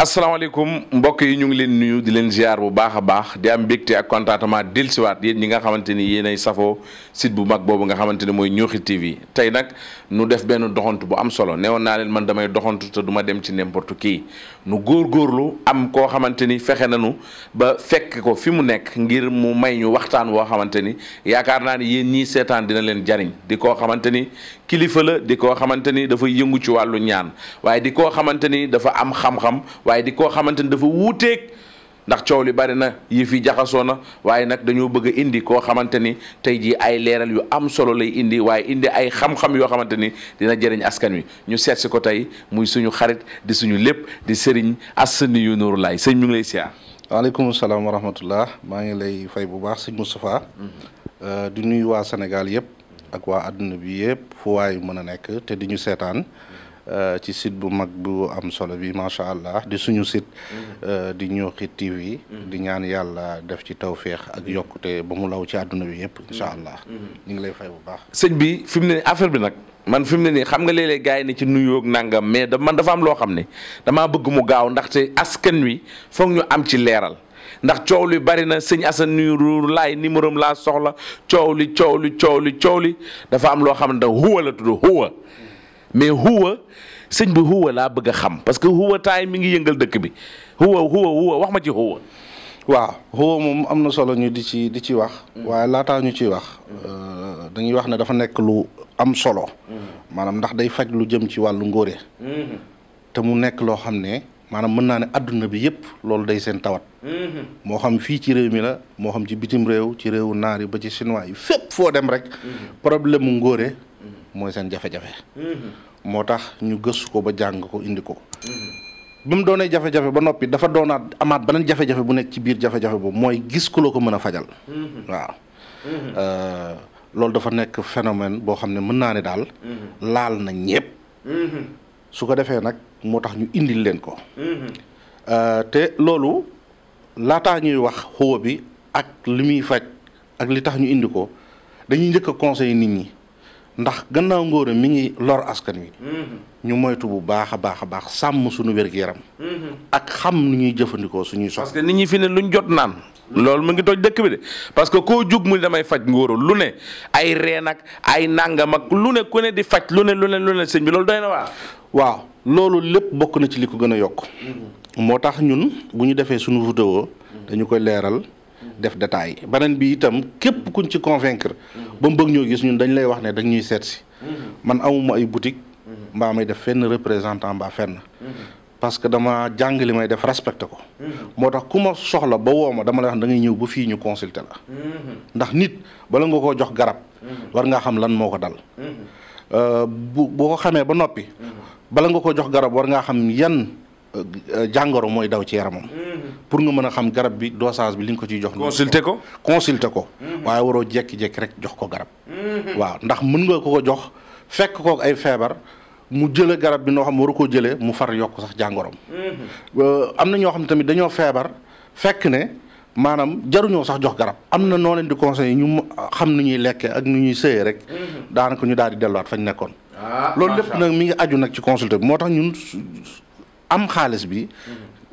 asalaamaaleykum mbokk yi ñu ngi leen nuyu di leen ziar bu baax a baax di am mbégte ak contentement siwaat yéen ñi nga xamante ni yéenay safoo site bu mag boobu nga xamante ne mooy Ñooxi TV tey nag nu def benn doxantu bu am solo newoon naa leen man damay doxantu te du ma dem ci n'importe kii nu góor góorlu am koo xamante ni fexe nañu ba fekk ko fi mu nekk ngir mu may ñu waxtaan woo xamante ni yaakaar naa ne yéen ñii seetaan dina leen jariñ di koo xamante ni kilifa la di koo xamante ni dafa yëngu ci wàllu ñaan waaye di koo xamante ni dafa am xam waaye di koo xamante ni dafa wuuteeg ndax coow li bari na yi fi jaxasoo na waaye nag dañoo bëgg a indi koo xamante ni tey jii ay leeral yu am solo lay indi waaye indi ay xam-xam yoo xamante ni dina jëriñ askan wi ñu seet si ko tey muy suñu xarit di suñu lépp di sëriñ yu Nourou laay sëñ mi ngi lay siyaar. waaleykum salaam wa maa ngi lay fay bu baax sëñ Moustapha. Mm-hmm. Euh, di nuyu waa Sénégal yëpp. ak waa àdduna bi yëpp fu waay mën a nekk te di ñu seetaan. Euh, ci sit bu mag bu am solo bi macha allah di suñu site. Mhm. Euh, di Ñooxi TV. Mhm. di ñaan yàlla def ci tawféex ak mhm. yokkute ba mu law ci àdduna bi yëpp incha allah. ñu ngi lay fay bu baax. sëñ bi fi mu ne affaire bi nag man fi mu ne nii xam nga léeg-léeg gars yi ne ci nuyook nangam mais da man dafa am loo xam ne damaa bëgg mu gaaw ndaxte askan wi foog ñu am ci leeral. ndax coow li bari na sëñ Assane Nourou lay numéro am laa soxla coow li coow li coow li coow li dafa am loo xam ne da huwa la mm. mais huwa sëñ bi huwa laa bëgg a xam parce que huwa taay mi ngi yëngal dëkk bi huwa huwa huwa wax ma ci huwa. waaw huwa moom am na solo ñu di ci di ci wax. Mm. waaye laataa ñu ciy wax. Euh, dañuy wax ne dafa nekk lu am solo. Mm. maanaam ndax day faj lu jëm ci wàllu ngóore. Mm-hmm. te mu nekk loo xam ne maanaam mën naa ne àdduna bi yëpp loolu day seen tawat. Mm-hmm. moo xam fii ci réew mi la moo xam ci bitim réew ci réew naar yi ba ci chinois yi fépp foo dem rek. Mm-hmm. problème mu ngóore mooy seen jafe-jafe. Mhm. moo tax ñu gëstu ko ba jàng ko indi ko. Mhm. bi mu doonee jafe-jafe ba noppi dafa doonaat amaat beneen jafe-jafe bu nekk ci biir jafe-jafe boobu mooy gis ku la ko mën a fajal. Mhm. waaw euh, loolu dafa nekk phénomène boo xam ne mën naa ne daal. laal na ñépp. su ko defee nag moo tax ñu indil leen ko. Euh, te loolu laataa ñuy wax xóo bi ak li muy faj ak li tax ñu indi ko dañuy njëkk a nit ñi. ndax gannaaw ngóora mi ngi lor askan wi. Mm-hmm. ñu moytu bu baax a baax a baax sàmm suñu wér yaram mm-hmm. ak xam nu ñuy jëfandikoo suñuy soxla. parce nit ñi fi ne ñu jot naan. lool mu ngi toj dëkk bi de parce que koo jug mu damay faj ngóora lu ne ay reen ak ay nàngam ak lu ne ku ne di faj lu ne lu ne lu ne sëñ bi loolu doy na waa waaw loolu lépp bokk na ci li ko gën a yokk. Mm-hmm. moo tax ñun bu ñu defee suñu vidéo dañu koy leeral. def détail beneen bi itam képp kuñ ci convaincre. ba mu bëgg ñoo gis ñun dañ lay wax ne dañ ñuy seet si. man amuma ay boutique mbaa may def fenn représentant mbaa fenn. parce que dama jàng may def respecté ko. moo tax ku ma soxla ba woo ma dama lay wax da ngay ñëw ba fii ñu consulter la. ndax nit bala nga koo jox garab. war ngaa xam lan moo ko dal. Euh, bu boo ko xamee ba noppi. bala nga koo jox garab war ngaa xam yan. Euh, jàngoro mooy daw ci moom mm-hmm. pour nga mën a xam garab bi dosage bi li nga ko ciy jox. consulter ko consulter ko. Mm-hmm. waaye waroo jékki-jékki rek jox ko garab. Mm-hmm. waaw ndax mën nga ko jox fekk kook ay feebar. mu jëlee garab bi noo xam waru ko jëlee mu far yokk sax jàngoroom. Euh, am na ñoo xam tamit dañoo feebar fekk ne maanaam jaruñoo sax jox garab. am na noo leen di conseillé ñu xam nu ñuy lekkee ak nu ñuy sëyee rek. daanaka ñu daa di delluwaat fañ nekkoon. Ah, loolu lépp nag mi ngi aju nag ci consulté bi moo tax ñun. am xaalis bi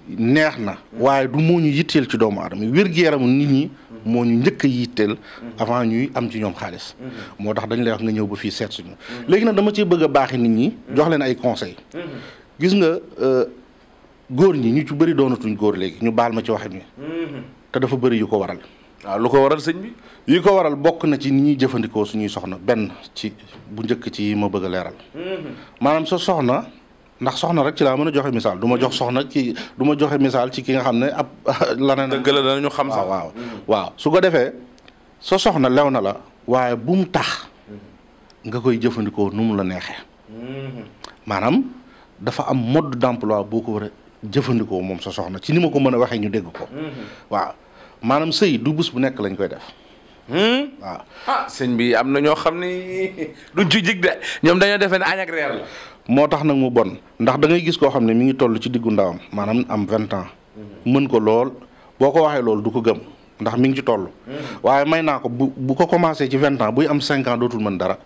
neex na waaye du moo ñu yitteel ci doomu aadama wér-gu-yaramu nit ñi moo ñu njëkk a yitteel avant ñuy am ci ñoom xaalis moo tax dañ lay wax nga ñëw ba fii seet suñu léegi nag dama cee bëgg a baaxi nit ñi jox leen ay conseil gis nga euh, góor ñi ñu ci bëri doonatuñ góor léegi ñu baal ma ci waxin mi te dafa bëri yu ko waral waaw lu ko waral sëñ bi yi ko waral bokk na ci ni ñuy jëfandikoo suñuy soxna benn ci bu njëkk ci ma bëgg a leeral hmm. maanaam sa soxna ndax soxna rek ci laa mën a joxe misaal duma ma jox soxna ci du ma joxe misaal ci ki nga xam ne ab laneen dëgg la danañu xam sax waaw waaw su ko defee soo soxna lew na la waaye bu mu tax nga koy jëfandikoo nu mu la neexee maanaam dafa am mode d'emploi boo ko war jëfandikoo moom sa soxna ci ni ma ko mën a waxee ñu dégg ko waaw maanaam sëy du bés bu nekk lañ koy def hmm? waaw ah sëñ bi am na ñoo xam ni duñ ci jig de ñoom dañoo defee ne añ reer la moo tax nag mu bon ndax dangay gis koo xam ne mi ngi toll ci diggu ndawam maanaam am vingt ans mën ko lool boo ko waxee loolu du ko gëm ndax mu ngi ci toll waaye may naa ko bu bu ko commencé ci vingt ans buy am cinq ans dootul mën dara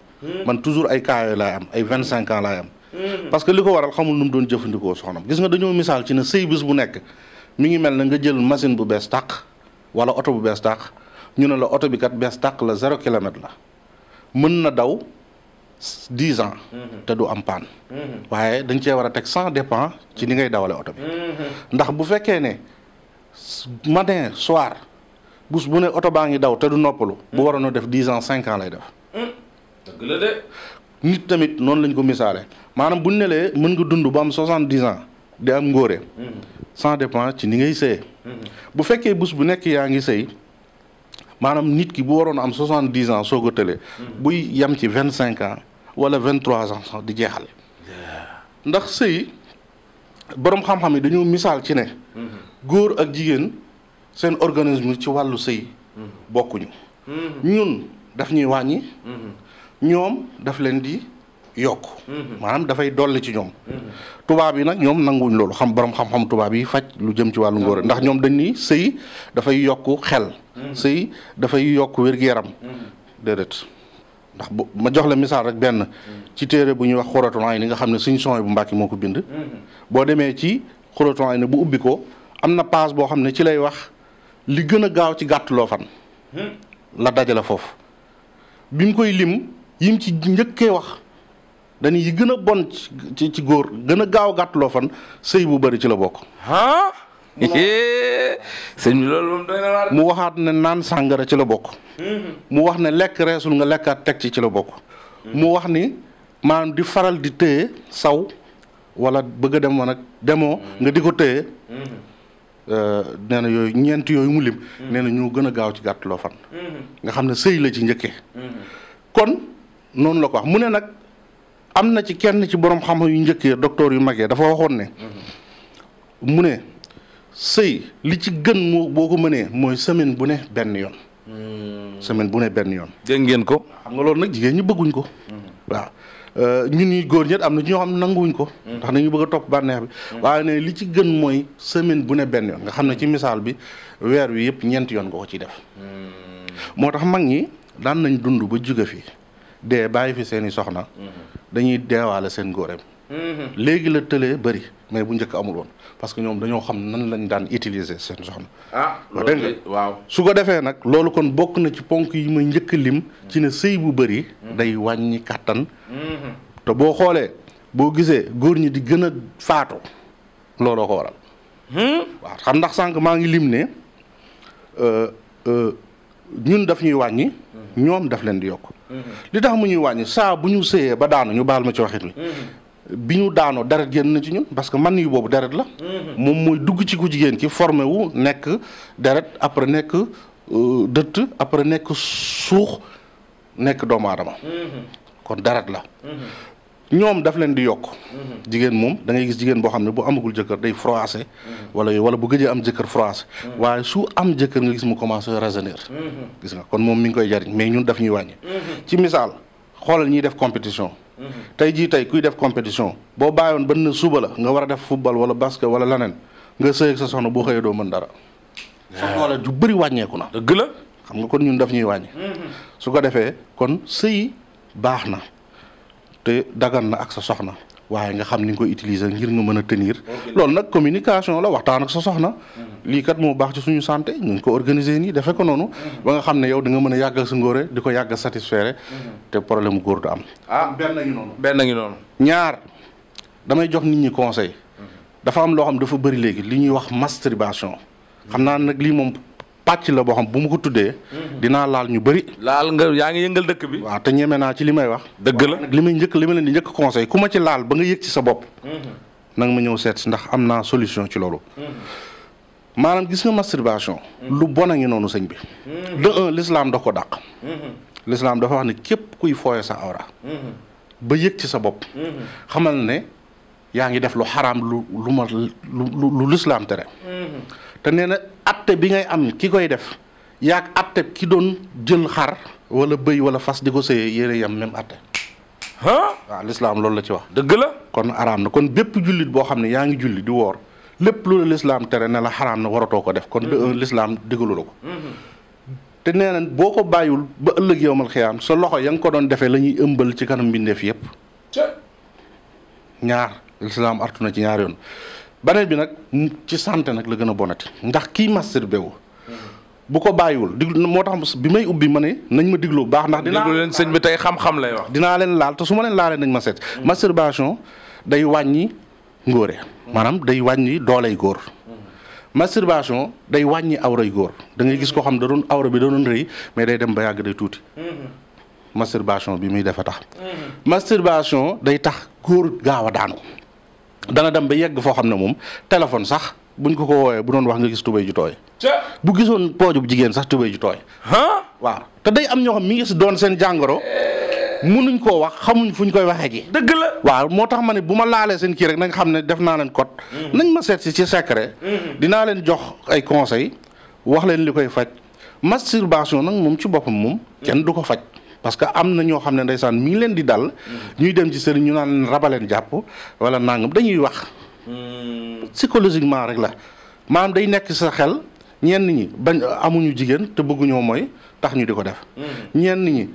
man toujours ay cas yooyu laay am ay vingt cinq ans laay am parce que li ko waral xamul nu doon jëfandikoo soxnam gis nga dañoo misaal ci ne sëy bis bu nekk mu ngi mel na nga jël machine bu bees tàq wala oto bu bees tàq ñu ne la oto bi kat bees tàq la zéro kilomètre la mën na daw dix ans. Mhm. te du am paan. Mhm. waaye dañ cee war a teg sans dépend ci ni ngay dawale oto bi. Mhm. ndax bu fekkee ne matin soir bus bu ne oto baa ngi daw te du noppalu. bu waroon def dix ans cinq ans lay def. nit tamit noonu lañ ko misaale maanaam bu ne mën nga dund ba am soixante dix ans di am ngóore. sans dépend ci ni ngay sëye. bu fekkee bus bu nekk yaa ngi sëy. maanaam nit ki bu waroon am soixante-dix ans soo ko tëlee buy yem ci vingt-cinq ans wala vingt trois ans sax di jeexal ndax sëy boroom xam-xam yi dañu misaal ci ne góor ak jigéen seen organisme ci wàllu sëy bokkuñu ñun daf ñuy wàññi ñoom daf leen di yokk maanaam dafay dolli ci ñoom tubaab yi nag ñoom nanguwuñ loolu xam borom xam-xam tubaab yi faj lu jëm ci wàllu ngóor ndax ñoom dañ ni sëy dafay yokk xel mm-hmm. sëy dafay yokk wér-gu-yaram mm-hmm. ndax bu ma jox la misaal rek benn ci téere bu ñu wax xuratul ayni nga xam ne suñ son bu Mbàkke moo ko bind boo demee ci xuratul ayni bu ubbi ko am na paas boo xam ne ci lay wax li gën a gaaw ci gàttuloo fan la dajale foofu bi mu koy lim yim ci njëkkee wax dañu yi gën a bon ci ci góor gën a gaaw gàttuloo fan sëy bu bari ci la bokk sëñ bi loolu moom na waar mu waxaat ne naan sàngara ci la bokk. Mm-hmm. mu wax ne lekk reesul nga lekkaat teg ci ci la bokk. Mm-hmm. mu wax ni maanaam di faral di téye saw wala bëgga dem wa nag demoo nga di ko mm-hmm. téye. Euh, nee na yooyu ñeent yooyu mu lim. nee na ñu gën a gaaw ci gàtt loo fan. nga xam ne sëy la ci njëkkee. kon noonu la ko wax mu ne nag am na ci kenn ci boroom xam yu njëkkee docteur yu magee dafa waxoon ne. mu ne. sëy li ci gën moo boo ko mënee mooy semaine bu ne benn yoon. Hmm. semaine bu ne benn yoon. dégg ngeen ko. xam nga loolu nag jigéen ñi bëgguñ ko. Hmm. waaw euh, ñun ñi góor ñet am na ci ñoo xam ne nanguwuñ ko. Hmm. ndax dañu bëgg a topp bànneex bi. waaye ne li ci gën mooy semaine bu ne benn yoon nga xam ne ci misaal bi weer wi yëpp ñeenti yoon nga ko ci def. moo tax mag ñi daan nañ dund ba jóge fi dee bàyyi fi seen i soxna. dañuy deewaale seen góoram. léegi la tëlee bëri. mais bu njëkk amul woon parce que ñoom dañoo xam nan lañ daan utiliser seen soxna. ah loolu waaw. su ko defee nag loolu kon bokk na ci ponk yi ma njëkk lim. ci ne sëy bu bëri. Hmm. day wàññi kàttan. Hmm. te boo xoolee boo gisee góor ñi di gën a faatu looloo ko waral. Hmm? xam ndax sànq maa ngi lim ne euh, euh, ñun daf ñuy wàññi. ñoom daf leen di yokk. li tax mu ñuy wàññi saa bu ñu sëyee ba daanu ñu baal ma ci waxit mi bi ñu daanoo deret génn na ci ñun parce que man yu boobu deret la. moom mooy dugg ci ku jigéen ki formé wu nekk deret après nekk euh, dëtt après nekk suux nekk doomu adama kon deret la. ñoom daf leen di yokk. jigéen moom dangay ngay gis jigéen boo xam ne bu amagul jëkkër day froissé. wala wala bu gëjee am jëkkër froissé. waaye su am jëkkër nga gis mu commencé raisonner. gis nga kon moom mi ngi koy jariñ mais ñun daf ñuy wàññi. ci misaal xoolal ñiy def compétition. Mhm. tay ji tay kuy def compétition bo bayone ben suba la nga wara def football wala basket wala lanen nga ak sa soxna bu xëyee do man dara. sa doole ju wagne ko na. deug la xam nga kon ñun daf ñuy wagne mhm. su ko defé kon seuy baxna te dagan na ak sa soxna. waaye nga xam ni nga koy utiliser ngir nga mën a tenir loolu nag communication la waxtaan ak sa soxna lii kat moo baax ci suñu santé ñu ngi ko organiser nii defe ko noonu ba nga xam ne yow di nga mën a yàggal sa ngóore di ko yàggal satisfaire te problème góor du am ah benn ngi benn ngi noonu ñaar damay jox nit ñi conseil mm-hmm. dafa am loo xam dafa bëri léegi li ñuy wax mastribation xam naa nag lii moom pàcc la boo xam bu ma ko tuddee. Mhm. dinaa laal ñu bari laal nga yaa ngi yëngal dëkk bi. waaw te ñeme naa ci li wax. dëgg la li may njëkk li ma leen di njëkk conseil ku ma ci laal ba nga yëg ci sa bopp. Mhm. na ma ñëw seet ndax am naa solution ci loolu. Mhm. maanaam gis nga lu bon a noonu sëñ bi. de un l'islam da ko dàq. l'islam dafa wax ne képp kuy fooye sa awra. ba yëg ci sa bopp. xamal ne yaa ngi def lu xaraam lu lu ma lu lu tere. te nee na atte bi ngay am ki koy def yaag atte ki doon jël xar wala bëy wala fas di ko sëyee yére yam même atte ah waaw lislaam loolu la ci wax dëgg la kon araam na kon bépp jullit boo xam ne yaa ngi julli di woor lépp lu la lislaam tere ne la xaraam na waratoo ko def kon de un mm-hmm. lislaam digalu la ko mm-hmm. te nee na boo ko bàyyiwul ba ëllëg yowmal xiyaam sa loxo ya nga ko doon defee lañuy ñuy ëmbal ci kanam mbindeef yépp ñaar lislaam artu ci ñaar yoon beneen bi nag ci santé nag la gën a bonati ndax kii masturbé wu bu ko bàyyiwul diglu moo tax bi may ubbi ma ne nañ ma diglu baax ndax. dinaa diglu leen sëñ bi tey xam-xam lay wax. dinaa leen laal te su ma leen laalee nañ ma seet. Mm. masturbation day wàññi ngóore. maanaam day wàññi dooley góor. Mm. masturbation day wàññi awray góor da ngay gis koo xam da doon awra bi da doon rëy mais day dem ba yàgg day tuuti. Mm-hmm. masturbation bi muy defa tax. Mm-hmm. masturbation day tax góor gaaw a daanu. dana dem ba yegg foo xam ne moom téléphone sax buñ ko ko woowee bu doon wax nga gis tubéy ju tooy bu gisoon poojub jigéen sax tubéy ju tooy waaw te day am ñoo xam mi ngi doon seen jàngoro munuñ koo wax xamuñ fuñ koy waxee ji dëgg la waaw moo tax ma ne bu ma laalee seen kii rek na nga xam ne def naa leen code mhm. nañ ma seet si ci secret mhm. dinaa leen jox ay conseil wax leen li koy faj masturbation nag moom ci boppam moom mhm. kenn du ko faj parce que am na ño xam ndaysan ndeysaan mi leen di dal ñuy dem ci sëriñ ñu naan rabalen japp wala nangam dañuy wax hmm. psychologiquement rek la maanaam day nekk sa xel ñen ñi bañ amuñu jigen te bëgguñoo moy tax ñu diko def hmm. ñen ñi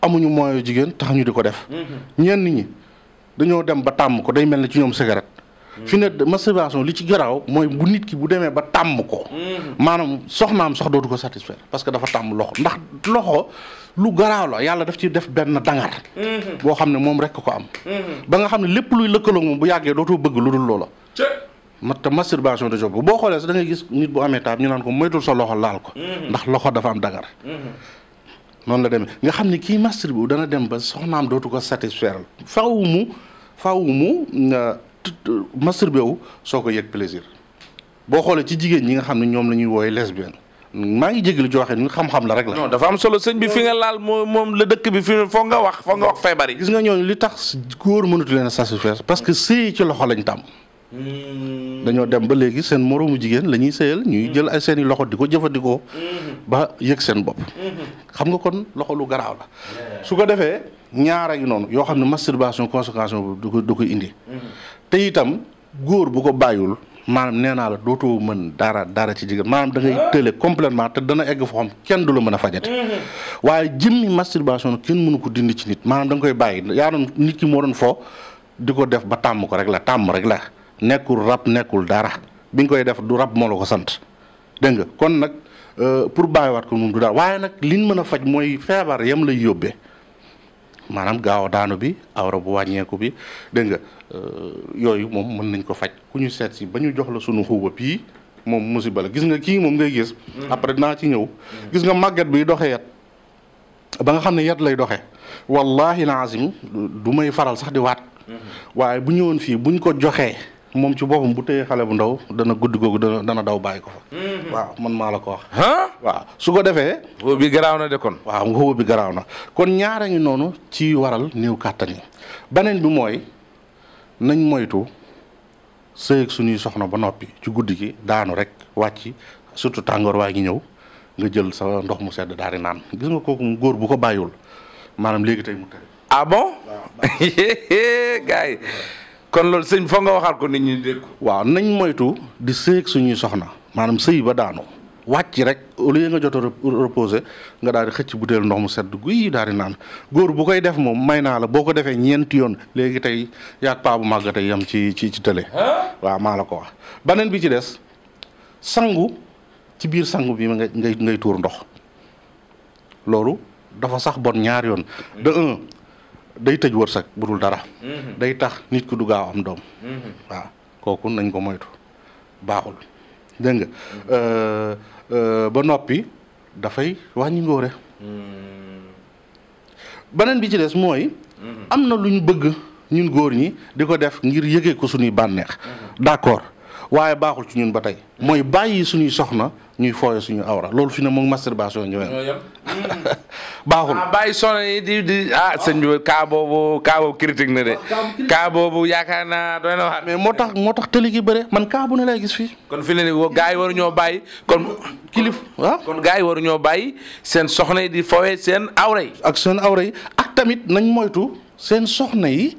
amuñu moyo jigen tax ñu diko def hmm. ñen ñi dañu dem ba tam ko day melni ci ñom cigarette fi ne masturbation li ci graw moy bu nit ki bu deme ba tam ko manam soxnam sax dootu ko satisfaire parce que dafa tam loxo ndax loxo lu garaaw la yàlla def ci def benn dangar. Mhm. boo xam ne moom rek ko am. Mhm. ba nga xam ne lépp luy lëkkaloo moom bu yàggee dootoo bëgg lu dul loola. ma te masturbation de job boo xoolee sax da ngay gis nit bu amee taab ñu naan ko moytul sa loxo laal ko. Mhm. ndax loxo dafa am dangar. noonu la demee nga xam ne kii masturbe bu dana dem ba soxnaam dootu ko satisfaire faw mu faw mu masturbe wu soo ko yëg plaisir boo xoolee ci jigéen ñi nga xam ne ñoom la ñuy wooye lesbienne maa ngi jégalu ci waxee ñun xam-xam la rek la. non dafa am solo sëñ bi fi nga laal moom moom la dëkk bi fi foog nga wax foog nga wax feebar yi. gis nga ñooñu li tax góor mënatu leen a satisfaire parce que sëy ci loxo lañ tam hmm. dañoo dem ba léegi seen moroomu jigéen la ñuy sëyal ñuy jël ay seen i loxo di ko jëfandikoo. Hmm. ba yëg seen bopp. Hmm. xam nga kon loxo lu garaaw la. su ko defee ñaar a ngi noonu yoo xam ne masturbation conséquence du ko du ko indi. te itam góor bu ko bàyyiwul maanaam nee la dootoo mën dara dara ci jigéen maanaam da ngay ah. tële complètement te dana egg foo xam kenn du la mën a fajate mm-hmm. waaye jëmmi masturbation kenn mënu ko dindi ci nit maanaam danga nga koy bàyyi yaa doon nit ki moo doon foo di ko def ba tàmm ko rek la tàmm rek la nekkul rab nekkul dara bi nga koy def du rab moo la ko sant dégg nga kon nag euh, pour bàyyiwaat ko moom du daal waaye nag liñ mën a faj mooy feebar yam lay yóbbee maanaam gaaw a daanu bi awra bu wàññeeku bi dégg nga Euh, yooyu moom mën nañ ko faj ku ñu seet si ba ñu jox la sunu xuuba pii moom musiba la gis nga kii moom ngay gis. Mm. après dinaa ci ñëw. Mm. gis nga màggat bi doxe yat ba nga xam ne yat lay doxe wallahi laazim du may faral sax di waat. Mm-hmm. waaye bu ñëwoon fii buñ ko joxee moom ci boppam bu téyee xale bu ndaw dana guddi googu dana dana daw bàyyi ko fa. Mm-hmm. waaw man maa la ko wax. waaw su ko defee. xuub bi garaaw na de kon. waaw nga xuub bi garaaw na kon ñaara ngi noonu ci waral néew kàttan yi beneen bi mooy. nañ moytu sëy ak suñuy soxna ba noppi ci guddi gi daanu rek wàcc surtout tàngoor waa ngi ñëw nga jël sa ndox mu sedd daal naan gis nga kooku mu góor bu ko bàyyiwul maanaam léegi tey mu tere. ah bon gars kon loolu sëñ foog nga waxaat ko nit ñi dégg. waaw nañ moytu di sëy ak suñuy soxna maanaam sëy ba daanu. wàcc rek au lieu nga jot a nga daal di xëcc butéel ndox mu sedd guy daal di naan góor bu koy def moom may naa la boo ko defee ñeenti yoon léegi tey yaag paa bu màgg tey yam ci ci ci télé. waaw maa la ko wax. beneen bi ci des sangu ci biir sangu bi ngay ngay ngay tuur ndox loolu dafa sax bon ñaar yoon. de day tëj wërsëg bu budul dara. Mhm. day tax nit ku du gaaw am doom. Mhm. waaw kooku nañ ko moytu baaxul. dégg nga euh, euh, ba noppi dafay wàññi ngóore beneen bi ci des mooy am na lu ñu bëgg ñun góor ñi di ko def ngir yëgee ko suñuy bànneex mhm. d'accord waaye baaxul ci ñun ba tey mooy bàyyi suñuy soxna ñuy fooye suñu awra loolu fi ne moom masturbation ñëwee na baaxul ah, bàyyi soxna di di ah sëñ bi kaa boobu kaa boobu critique yaakaar naa doy na moo tax moo tax tëli gi bëre man kaa bu ne gis fii kon fi ne ni gaa yi waru ñoo bàyyi kon kilif waaw ah? kon gaa yi waru bàyyi seen soxna yi di fooye seen awra yi ak seen awra yi ak tamit nañ moytu seen soxna yi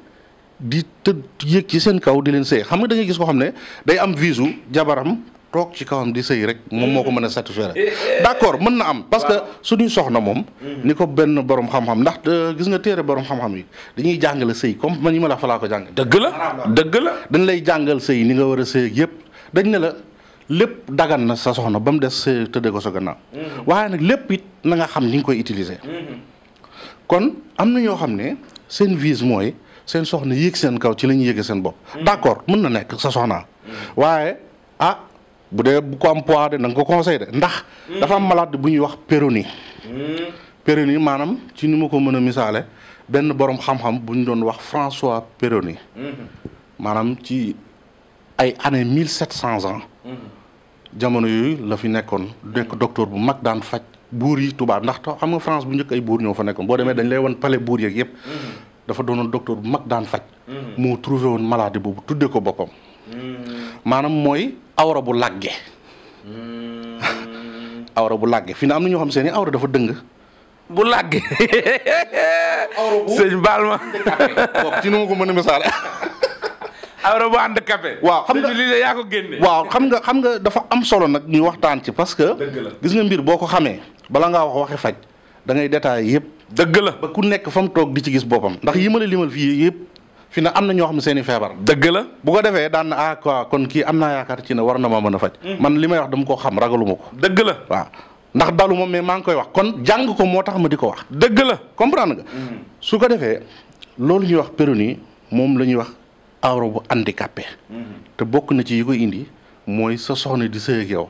di tëdd yéeg ci seen kaw di leen sëy xam nga da gis koo xam ne day am visu jabaram toog ci kawam di sëy rek moom moo ko mën a rek d'accord mën na am parce que suñuy soxna moom mm-hmm. ni ko benn borom xam-xam ndax euh, gis nga téere borom xam-xam yi dañuy jàngale sëy comme man ñi ma la fa ko jàng dëgg la dëgg la dañ lay jàngal sëy ni nga war a sëy yëpp dañ ne la lépp dagan na sa soxna ba mu des sëy tëddee ko sa gannaaw mm-hmm. waaye nag lépp it na xam ni nga koy utiliser mm-hmm. kon am na ñoo xam ne seen vise mooy seen soxna yéeg seen kaw ci la ñuy yéege seen bopp. d'accord mën na nekk sa soxnaa. waaye ah bu dee bu ko am poids de na ko conseil de ndax. dafa am malade bu ñuy wax péronie. péronie maanaam ci ni ma ko mën a misaale benn borom xam-xam bu ñu doon wax François péronie. maanaam ci ay années mille sept cent ans. jamono yooyu la fi nekkoon nekk docteur bu mag daan faj buur yi tubaab ndax xam nga France bu njëkk ay buur ñoo fa nekkoon boo demee dañ lay wan pale buur yeeg yëpp. dafa doonoon docteur bu mag daan faj. Mhm. moo trouvé woon Mana boobu tuddee ko boppam. Mhm. maanaam mooy awra bu làgge. Mhm. awra bu làgge fi na am na ñoo xam seen i awra dafa dëng. bu làgge. sëñ baal ma. ci nu ma ko mën a misaale. awra bu handicapé. waaw xam nga lii la yaa ko génne. waaw xam nga xam nga dafa am solo nag ñuy waxtaan ci parce que. gis nga mbir boo ko xamee. bala ngaa wax waxi faj. da ngay détaillé yëpp. dëgg la ba ku nekk fa mu toog di ci gis boppam. ndax yi ma la limal fii yëpp fi na am na ñoo xam ne seen i feebar. dëgg la bu ko defee daan na ah quoi kon kii am naa yaakaar ci ne war na ma mën a faj. Mm. man li may wax dama koo xam ragalu ko. dëgg la waaw ndax dalu ma mais maa ngi koy wax kon jàng ko moo tax ma di ko wax. dëgg la comprendre mm. su ko defee loolu ñuy wax péronie moom la ñuy wax awra bu handicapé. Mm. te bokk na ci yi koy indi mooy sa soxna di sëy ak yow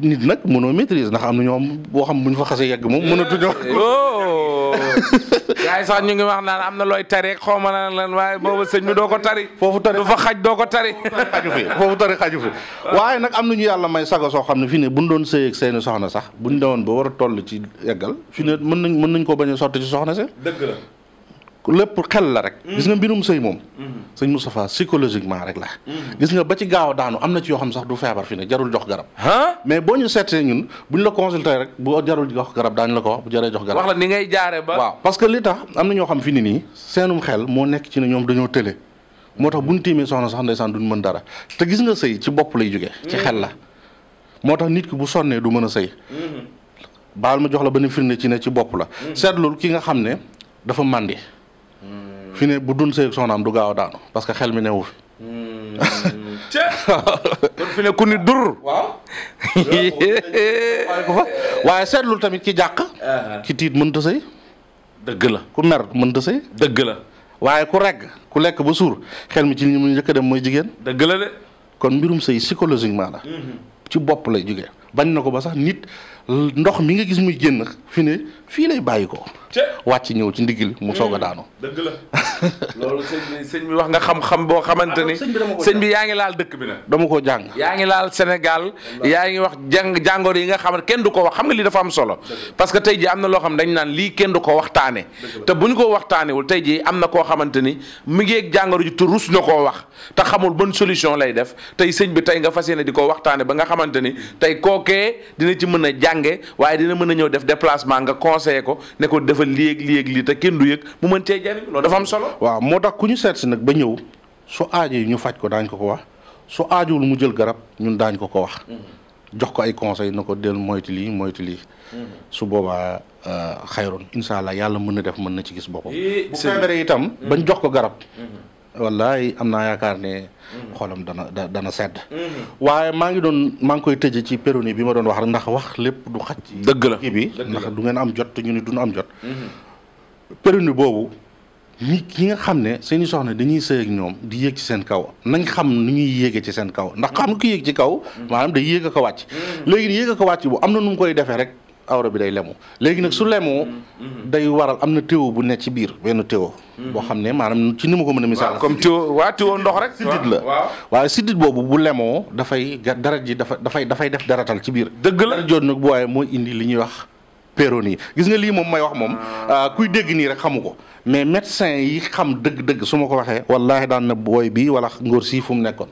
nit nag mënoo maîtrise ndax am na ñoom boo xam bu ñu fa xasee yegg moom mënatuñoo. Oh. yaa ngi sax ñu ngi wax naan am na looy tari xaw ma naan lan waaye boobu sëñ bi doo ko tari. foofu tari du xaj doo ko tari. xaju fi foofu tari xaju fi waaye nag am na ñu yàlla may sago soo xam ne fii ne bu doon sëyeeg seeni soxna sax bu ñu demoon ba war a toll ci yeggal fii mën nañ mën nañ ko bañ a sotti ci soxna si. dëgg lépp xel la rek. Mm. gis nga mbirum sëy moom. Mm-hmm. sëñ Moustapha psychologiquement rek la. Mm-hmm. gis nga ba ci gaaw daanu am na ci yoo xam sax du feebar fi ne jarul jox garab. mais boo ñu seetee ñun bu ñu la rek boo jarul jox garab daañu la ko wax bu jaree jox garab. wax la ni parce que li tax am na ñoo xam fi ni nii seenum xel moo nekk ci ne ñoom dañoo tële moo tax bu ñu tiimee soxna sax ndeysaan duñ mën dara te gis nga sëy ci bopp lay jógee. ci mm-hmm. xel la moo tax nit ki bu sonnee du mën a sëy. baal ma jox la benn ci ne ci bopp la. seetlul ki nga xam ne dafa màndi fi ne bu dul sëy soxnaam du gaaw a daanu parce que xel mi newu fi. Hmm. ne ku ni dur. waaye seetlul tamit ki jàq. Uh-huh. ki tiit mënta sëy. dëgg la ku mer mënta sëy. dëgg la waaye ku regg ku lekk ba suur xel mi ci li mu njëkk dem mooy jigéen. dëgg la de. kon mbirum sëy psychologiquement la. Mm-hmm. ci bopp lay jóge bañ na ko ba sax nit ndox mi nga gis muy génn fi ne fii lay bàyyi ko. wàcc ñëw ci ndigil mu hmm. soog a daanu. dëgg la loolu sëñ bi sëñ bi wax nga xam-xam boo xamante ni ah, sëñ bi yaa ngi laal dëkk bi nag. dama ko jàng yaa ngi laal Sénégal yaa ngi wax jàng jàngoor yi nga xam ne kenn du ko wax xam nga lii dafa am solo parce que tey ji am na loo xam dañ naan lii kenn du ko waxtaane te bu tey jii am na koo xamante ni mi ngi ak jàngoro ji te rus na koo wax te xamul ban solution lay def tey sëñ bi tey nga fas na di ko waxtaane ba nga xamante ni tey kookee dina ci mën a jànge waaye dina mën a ñëw def déplacement nga conseillé ko ne ko defal lii ak lii ak lii te kenn du yëg mu man cee jariñ loolu dafa am solo. waaw moo tax ku ñu seet si nag ba ñëw su aajo yi ñu faj ko daañ ko ko wax su aajowul mu jël garab ñun daañ ko ko wax. Mm-hmm. jox ko ay conseil na ko del moytu lii moytu lii. Mm-hmm. su boobaa euh, xayroon incha allah yàlla mën na def mën na ci gis boppam. Eh, bu feebaree mm-hmm. jox ko garab. wallaay am naa yaakaar ne. Mm-hmm. xoolam dana dana sedd. Mm-hmm. waaye maa ngi doon maa ngi koy tëjee ci péronie bi ma doon wax rek ndax wax lépp du xacc dëgg la bi du ngeen am jot ñu ni duñu am jot. Mm-hmm. péronie boobu ñi ki nga xam ne seeni soxna dañuy sëy ñoom di yéeg ci seen kaw nañ xam nu ñuy yëgee ci seen kaw ndax xam nga ku yéeg ci kaw. maanaam day yéeg a ko wàcc. léegi yéeg a ko wàcc bu am na nu mu koy defee rek. awra bi day lemu léegi nag su lemoo mm-hmm. mm-hmm. day waral am na téwo bu ne ci biir benn téwo mm-hmm. boo xam ne maanaam ci ni ma ko mën a misaal comme téwo waa téwo ndox rek siddit la waaw siddit boobu bu lemoo dafay dara ji dafa dafay dafay def daratal ci biir dëgg la joon nag bu waaye mooy indi li ñuy wax péronie gis nga lii moom may wax moom ah. Ah, kuy dégg nii rek xamu ko mais médecin yi xam dëgg-dëgg su ma ko waxee wallaahi daan na booy bi wala ngóor sii fu mu nekkoon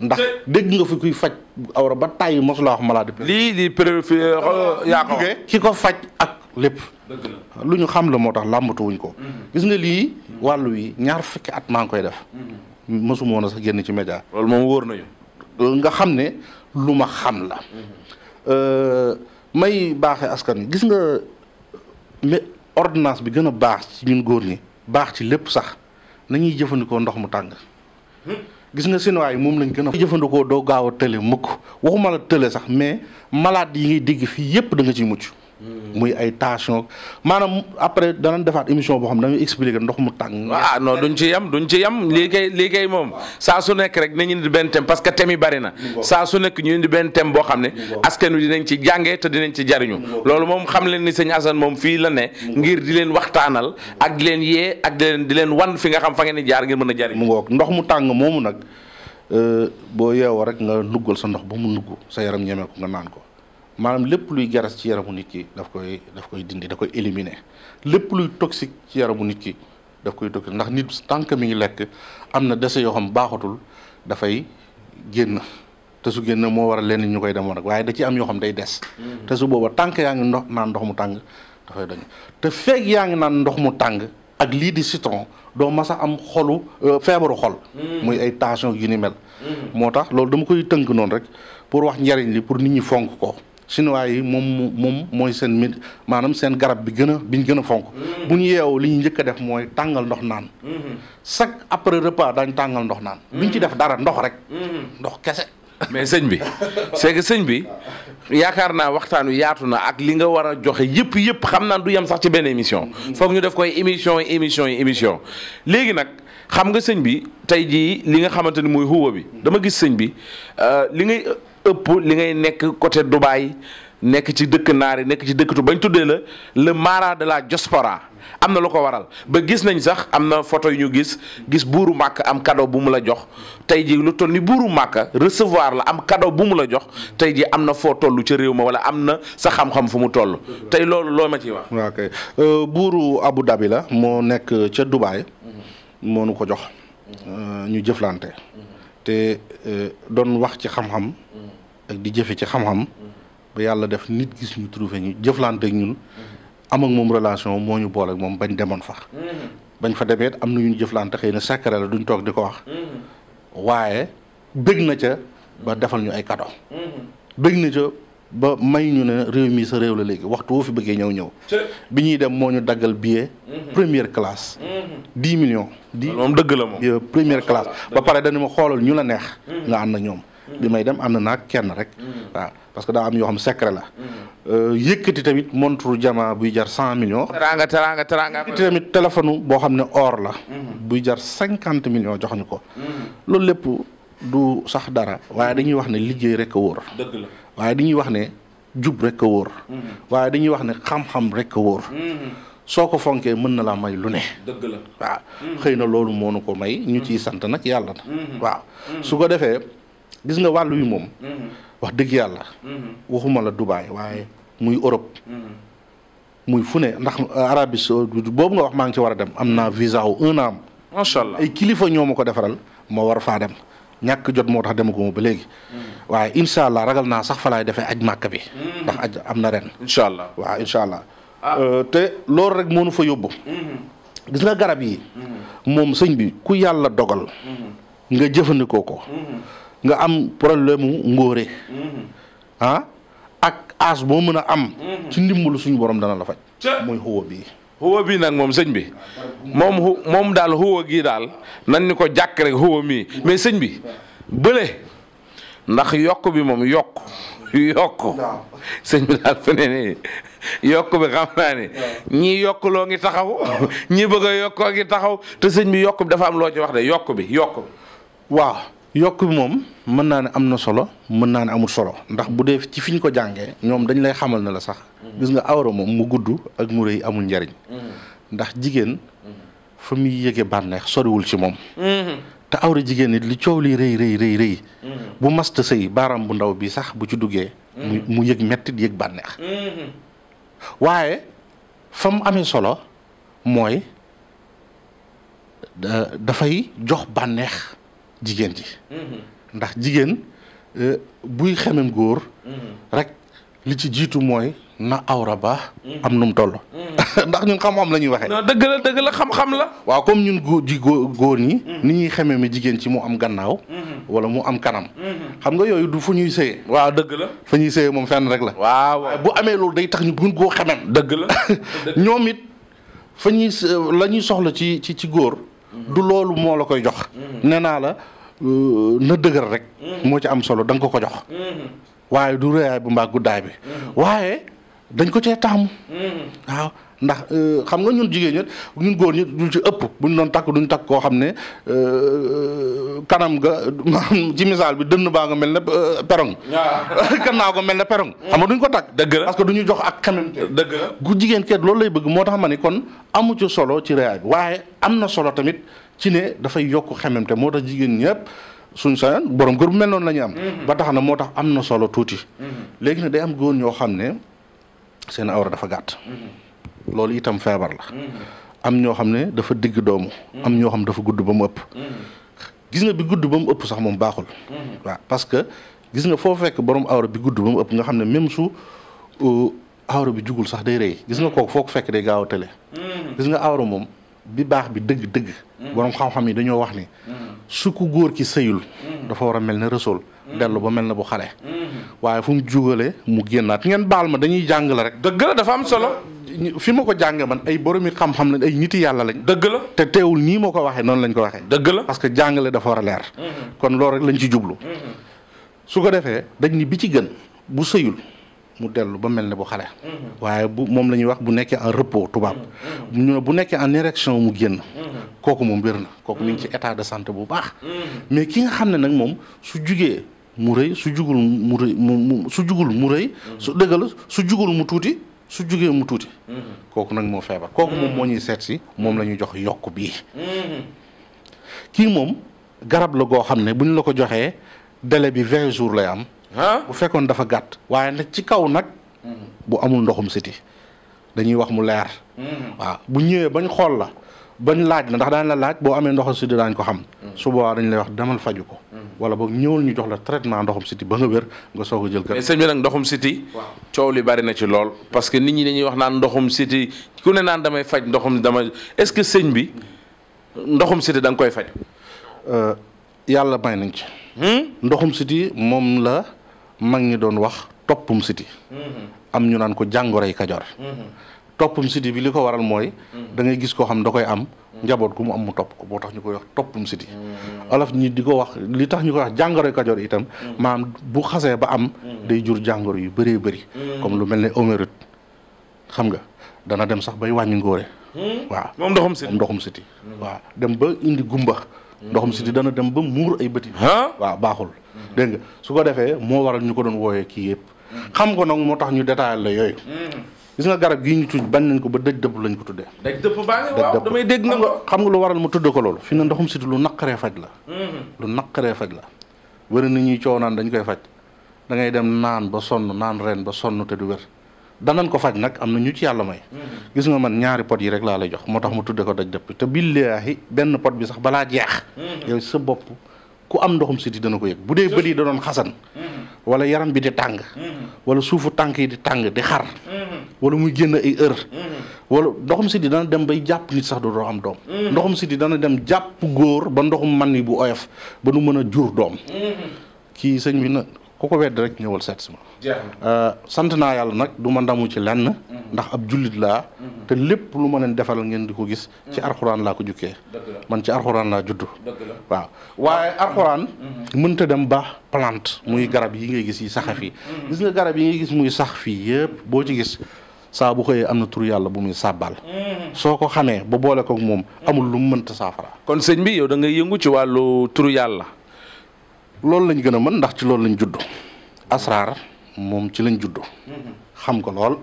ndax deg nga fi kuy fajj awra ba tay mosula wax malade li li prefer ya ko ki ko ak lepp luñu xam la motax lambatu wuñ ko mm-hmm. gis nga li walu wi ñaar fekk at ma koy def mm-hmm. mosuma na sax genn ci media lol mom wor nañu nga xamne luma xam la mm-hmm. euh may baxé askan gis nga ordonnance bi gëna bax ci ñun goor ni bax ci lepp sax nañuy jëfëndiko ndox mu tang gis nga chinois yi moom lañ gën a jëfandikoo doo gaaw a tële mukk waxuma la tële sax mais malade yi ngay dégg fii yépp da nga ciy mucc Hmm. muy ay tension manam après danañ defat émission bo xam dañuy expliquer ndox mu tang ah non duñ ci yam duñ ci yam lii kay lii kay moom saa su nek rek nañu indi ben thème parce que thème yi bari na sa su nek ñu indi ben thème bo xamne ne askan wi dinañ ci jàngee te dinañ ci jariñu lolu mom xam leen ni seigne Assane mom fi la ne ngir di leen waxtanal ak di leen yee ak di leen di leen wan fi nga xam fa ngeen di jaar ngir mëna jariñ. mu ngok ndox mu tàng nak euh bo yeewoo rek nga nuggal sa ndox bu mu nugg sa yaram ñëmé ko nga naan ko maanaam lépp luy garas ci yaramu nit ki daf koy daf koy dindi da koy éliminer lépp luy toxik ci yaramu nit ki daf koy toxique ndax nit tànk mi ngi lekk am na dese yoo xam baaxatul dafay génn te su génn moo waral lenn ñu koy demoon rek waaye da ci am yoo xam day des. Mm-hmm. te su booba tànk yaa ndox naan ndox mu tàng dafay dañ te feeg yaa ngi naan ndox mu tàng. ak lii di citron doo mas a am xolu euh, feebaru xol. Mm-hmm. muy ay tension yu mel. Mm-hmm. moo tax loolu dama koy tënk noonu rek pour wax njariñ li pour nit ñi fonk ko. chinois moom moom moom mooy seen mi maanaam seen garab bi gën a biñ gën a fonk bu ñu yeewoo li ñu njëkk a def mooy tàngal ndox naan chaque après repas dañ tàngal ndox naan biñ ci def dara ndox rek ndox kese mais sëñ bi c'est que sëñ bi yaakaar naa waxtaan wi yaatu na ak li nga war a joxe yëpp yëpp xam naa du yam sax ci benn émission foog ñu def koy émission yi émission yi émission léegi nag xam nga sëñ bi tey jii li nga xamante ni mooy huwa bi dama gis sëñ bi euh, li ngay ëpp li ngay nekk côté Dubaï nekk ci dëkk naar yi nekk ci dëkk tu bañ tuddee la le mara de la am na lu ko waral ba gis nañ sax am na photo yu ñu gis gis buuru màkk am cadeau bu mu la jox tey ji lu toll ni buuru màkk recevoir la am cadeau bu mu la jox tey ji am na foo toll ca réew ma wala am na sa xam-xam fu mu toll tey loolu loo ma ciy wax ok euh, buuru Abu Dhabi la moo nekk ca Dubaï moo nu ko jox mhm. euh, ñu jëflante mhm. te euh, doon wax ci xam-xam mhm. ak di jëfe ci xam-xam ba yàlla def nit gis ñu trouvé ñu jëflante ak ñun am ak moom relation moo ñu boole moom bañ demoon fa bañ fa demee am na ñu jëflante xëy na secret la duñ toog di ko wax waaye bëgg na ca ba defal ñu ay cadeau bëgg na ca ba may ñu ne réew mi sa réew la léegi waxtu fi bëggee ñëw ñëw bi ñuy dem moo ñu daggal billet première classe dix millions di moom dëgg la moom première classe ba pare dañu ma xoolal ñu la neex hmm. nga ànd na ñoom bi may dem am na naag kenn rek. Mm. waaw parce que daa am yoo xam secret la. Mm. Euh, yëkkati tamit montre jama buy jar cent millions. teraanga teraanga teraanga. yëkkati tamit boo xam ne or la. Mm. buy jar cinquante millions jox ko. loolu lépp du sax dara waaye dañuy wax ne liggéey rek a dëgg la waaye dañuy wax ne jub rek a wóor. waaye dañuy wax ne xam-xam rek a soo ko fonkee mën na laa may lu ne. dëgg la waaw xëy na loolu moo nu ko may. ñu ciy sant nag yàlla na. waaw su defee. gis nga wàllu wi moom. Mm-hmm. wax dëgg yàlla. Mm-hmm. waxuma la Dubaay waaye muy Europe. Mm-hmm. muy fu ne ndax Arabie Saoudite boobu nga wax maa ngi ci war a dem am naa visa wu un an. ay kilifa ñoo ma ko defaral ma war faa dem ñàkk jot moo tax demaguma ba léegi. waaye incha allah ragal naa sax fa laay defee aj màkk bi. ndax aj am na ren. incha allah waaw incha allah. Ah. Euh, te loolu rek moonu fa yóbbu. gis nga garab yi. moom sëñ bi ku yàlla dogal. nga jëfandikoo ko. nga am problème mu ngóore mm-hmm. ah ak as boo mën a am. Mm-hmm. ci ndimbalu suñu borom dana la faj. mooy xuwa bii. xuwa bii nag moom sëñ bi moom moom daal xuwa gii daal nan ni ko jàkk rek xuwa mii mais sëñ bi bële ndax yokk bi moom yokk yokk sëñ bi daal fene ne yokk bi xam naa ne ñii yokk loo ngi taxaw ñi bëgg a yokkoo ngi taxaw te sëñ bi yokk bi dafa am loo ci wax de yokk bi yokk bi yokk moom mën naa ne am na solo mën naa ne amul solo ndax bu dee ci fiñ ko jànge ñoom dañ lay xamal ne la sax mm-hmm. gis nga awra moom mu gudd ak mu rëy amul njariñ mm-hmm. ndax jigéen mm-hmm. fa muy yëge bànneex soriwul ci moom te jigéen li coow li rëy rëy rëy rëy bu masta sëy baaraam bu ndaw bi sax bu ci duggee mu mu yëg mettit yëg bànneex waaye fa mu amee solo mooy dafay jox bànneex jigéen ji mm-hmm. ndax jigéen euh, buy xemem góor mm-hmm. rek li ci jiitu mooy na awra ba mm-hmm. am nu mu toll ndax ñun xam-xam la ñuy waxee non dëgg la dëgg la xam-xam la waaw comme ñun góor ji góor ñi ni ñuy xeme mi jigéen ci mu am gannaaw wala mu am kanam xam nga yooyu du fu ñuy sëyee waaw dëgg la fu ñuy sëyee moom fenn rek la waaw bu amee loolu day tax ñu gën koo xemem dëgg la ñoom it fa ñuy la ñuy soxla ci ci ci góor du loolu moo la koy jox. Mm-hmm. nee naa la euh, na dëgër rek. Mm-hmm. moo ci am solo da ko ko jox. Mm-hmm. waaye du rëyaay bu mbaa guddaay bi. waaye dañ ko cee taamu. waaw. ndax euh, xam nga ñun jigéen ñi ñun góor ñi duñ ci ëpp buñ doon takk duñ takk koo xam ne euh, euh, kanam ga maanaam ci misaal bi dënn baa nga mel na perong. gannaaw nga mel ne perong. Mm. xam na duñ ko takk. dëgg la parce que duñu jox ak xamante dëgg la gu jigéen kat loolu lay bëgg moo tax ma ne kon amu ci solo ci réew bi waaye am na solo tamit ci ne dafay yokk xamante moo tax jigéen ñëpp. suñ sañoon borom kër bu mel noonu la ñu am. Mm-hmm. ba tax na moo tax am na solo tuuti. Mm-hmm. léegi nag day am góor ñoo xam ne seen awra dafa gàtt. Mm-hmm. loolu itam feebar la am ñoo xam ne dafa digg doomu am ñoo xam dafa gudd ba mu ëpp gis nga bi gudd ba mu ëpp sax moom baaxul waa parce que gis nga foo fekk borom awra bi gudd ba ëpp nga xam ne même su euh, awra bi jugul sax day rëy gis nga kooku foo ko fekk gaaw a tële gis nga awra moom bi baax bi dëgg dëgg borom xam yi dañoo wax ni su góor ki sëyul dafa war a mel ne rësool dellu ba mel na bu xale waaye fu mu jugalee mu génnaat ngeen baal ma dañuy jàng la rek dëgg la dafa am solo fi ma ko jànge man ay boromi xam-xam lañ ay ñiti yàlla lañ. dëgg la te teewul nii ma ko waxee noonu lañ ko waxee. dëgg la parce que jàngale dafa war a leer. Mm-hmm. kon loolu rek lañ ci jublu. Mm-hmm. su ko defee dañ ni bi ci gën bu sëyul mu dellu ba mel ne bu xale. Mm-hmm. waaye bu moom la ñuy wax bu nekkee en repos tubaab. ñu bu nekkee en érection mu génn. kooku moom wér na kooku mi ngi ci état de santé bu baax. mais ki nga xam ne nag moom su jugee mu rëy su jugul mu rëy mu su jugul mu rëy. su dëggal su jugul mu tuuti. su jugee mu tuuti. Mm-hmm. kooku nag moo feebar. kooku moom moo ñuy seet si moom lañuy jox yokk bii. Mm-hmm. kii moom garab la goo xam ne bu ñu la ko joxee délai bi vingt jours lay am. bu fekkoon dafa gàtt. waaye nag ci kaw nag. Mm-hmm. bu amul ndoxum siti dañuy wax mu leer. waaw bu ñëwee bañ xool la bañ laaj na ndax daan la laaj boo amee ndox siti daañ ko xam. su boobaa dañ lay wax demal faju ko. wala boog ñëwul ñu jox la traitement ndoxum siti ba nga wér nga soog a jël garab. mais sëñ bi nag ndoxum siti. waaw coow li bari na ci lool. parce que nit ñi dañuy wax naan ndoxum siti ku ne naan damay faj ndoxum dama est-ce que sëñ bi ndoxum siti danga koy faj. Euh, yàlla may nañ ci. Hmm? ndoxum siti moom la mag ñi doon wax toppum siti. Hmm. am ñu naan ko jàngoroy kajoor hmm. topum sidi bi liko waral moy hmm. da ngay gis ko xam da koy am hmm. njabot gum am mu top ko motax tax wax topum sidi alaf ñi di hmm. wax li tax ñu wax jàngoro kajoor itam maam bu xasse ba am day jur jangoro yu beure beuri comme lu mel omerut xam nga dana dem sax bay wañi ngóore wa mom doxum sidi doxum sidi wa dem ba indi gumba doxum sidi dana dem ba mur ay beuti wa baxul deeng nga su ko defee moo waral ñuko don woyé ki yépp xam ko nak motax ñu la yoy gis nga garab gi ñu tuj ban nañ ko ba dëj dëpp lañ ko tuddee dëj dëpp ba nga waaw damay dégg na xam nga lu waral mu tudd ko loolu fi na ndoxum siti lu nakare faj la mm-hmm. lu nakare faj la wër na ñi coow naan dañ koy faj da ngay dem naan ba sonn naan ren ba sonn te du wër nañ ko faj nak amna ñu ci yalla may mm-hmm. gis nga man ñaari pot yi rek la lay jox motax mu tuddé ko daj depp te billahi benn pot bi sax bala jeex mm-hmm. yow sa bop ku am ndoxum siti dana ko yëg bu dee bëli yi da doon xasan wala yaram bi di tàng wala suufu tànk yi di tàng di xar wala muy génn ay heure wala ndoxum siti dana dem bay jàpp nit sax du doo doom ndoxum siti dana dem jàpp góor ba ndoxum man yi bu oyof ba nu mën a jur doom kii sëñ bi na ku ko wedd rek ñëwal seet si ma euh, sant naa yàlla nag duma ma ndamu ci lenn ndax ab jullit laa te lepp lu ma len defal ngeen di gis ci mm-hmm. arxuraan la ko jukke man ci arxuraan la juddu waaw waaye arxuraan ah. mm-hmm. mënta dem ba plante muy mm-hmm. garab yi ngay gis yi sax gis nga garab yi ngay gis muy sax fi yeb bo ci gis sa bu xeye am tur bu muy sabbal soko ko mum bolé ko ak mom amul lu mu mënta saafara kon sëñ bi yow da ngay yëngu ci walu turu yalla loolu lañu gëna ndax ci lañu juddu asrar mom ci lañu juddu xam ko lool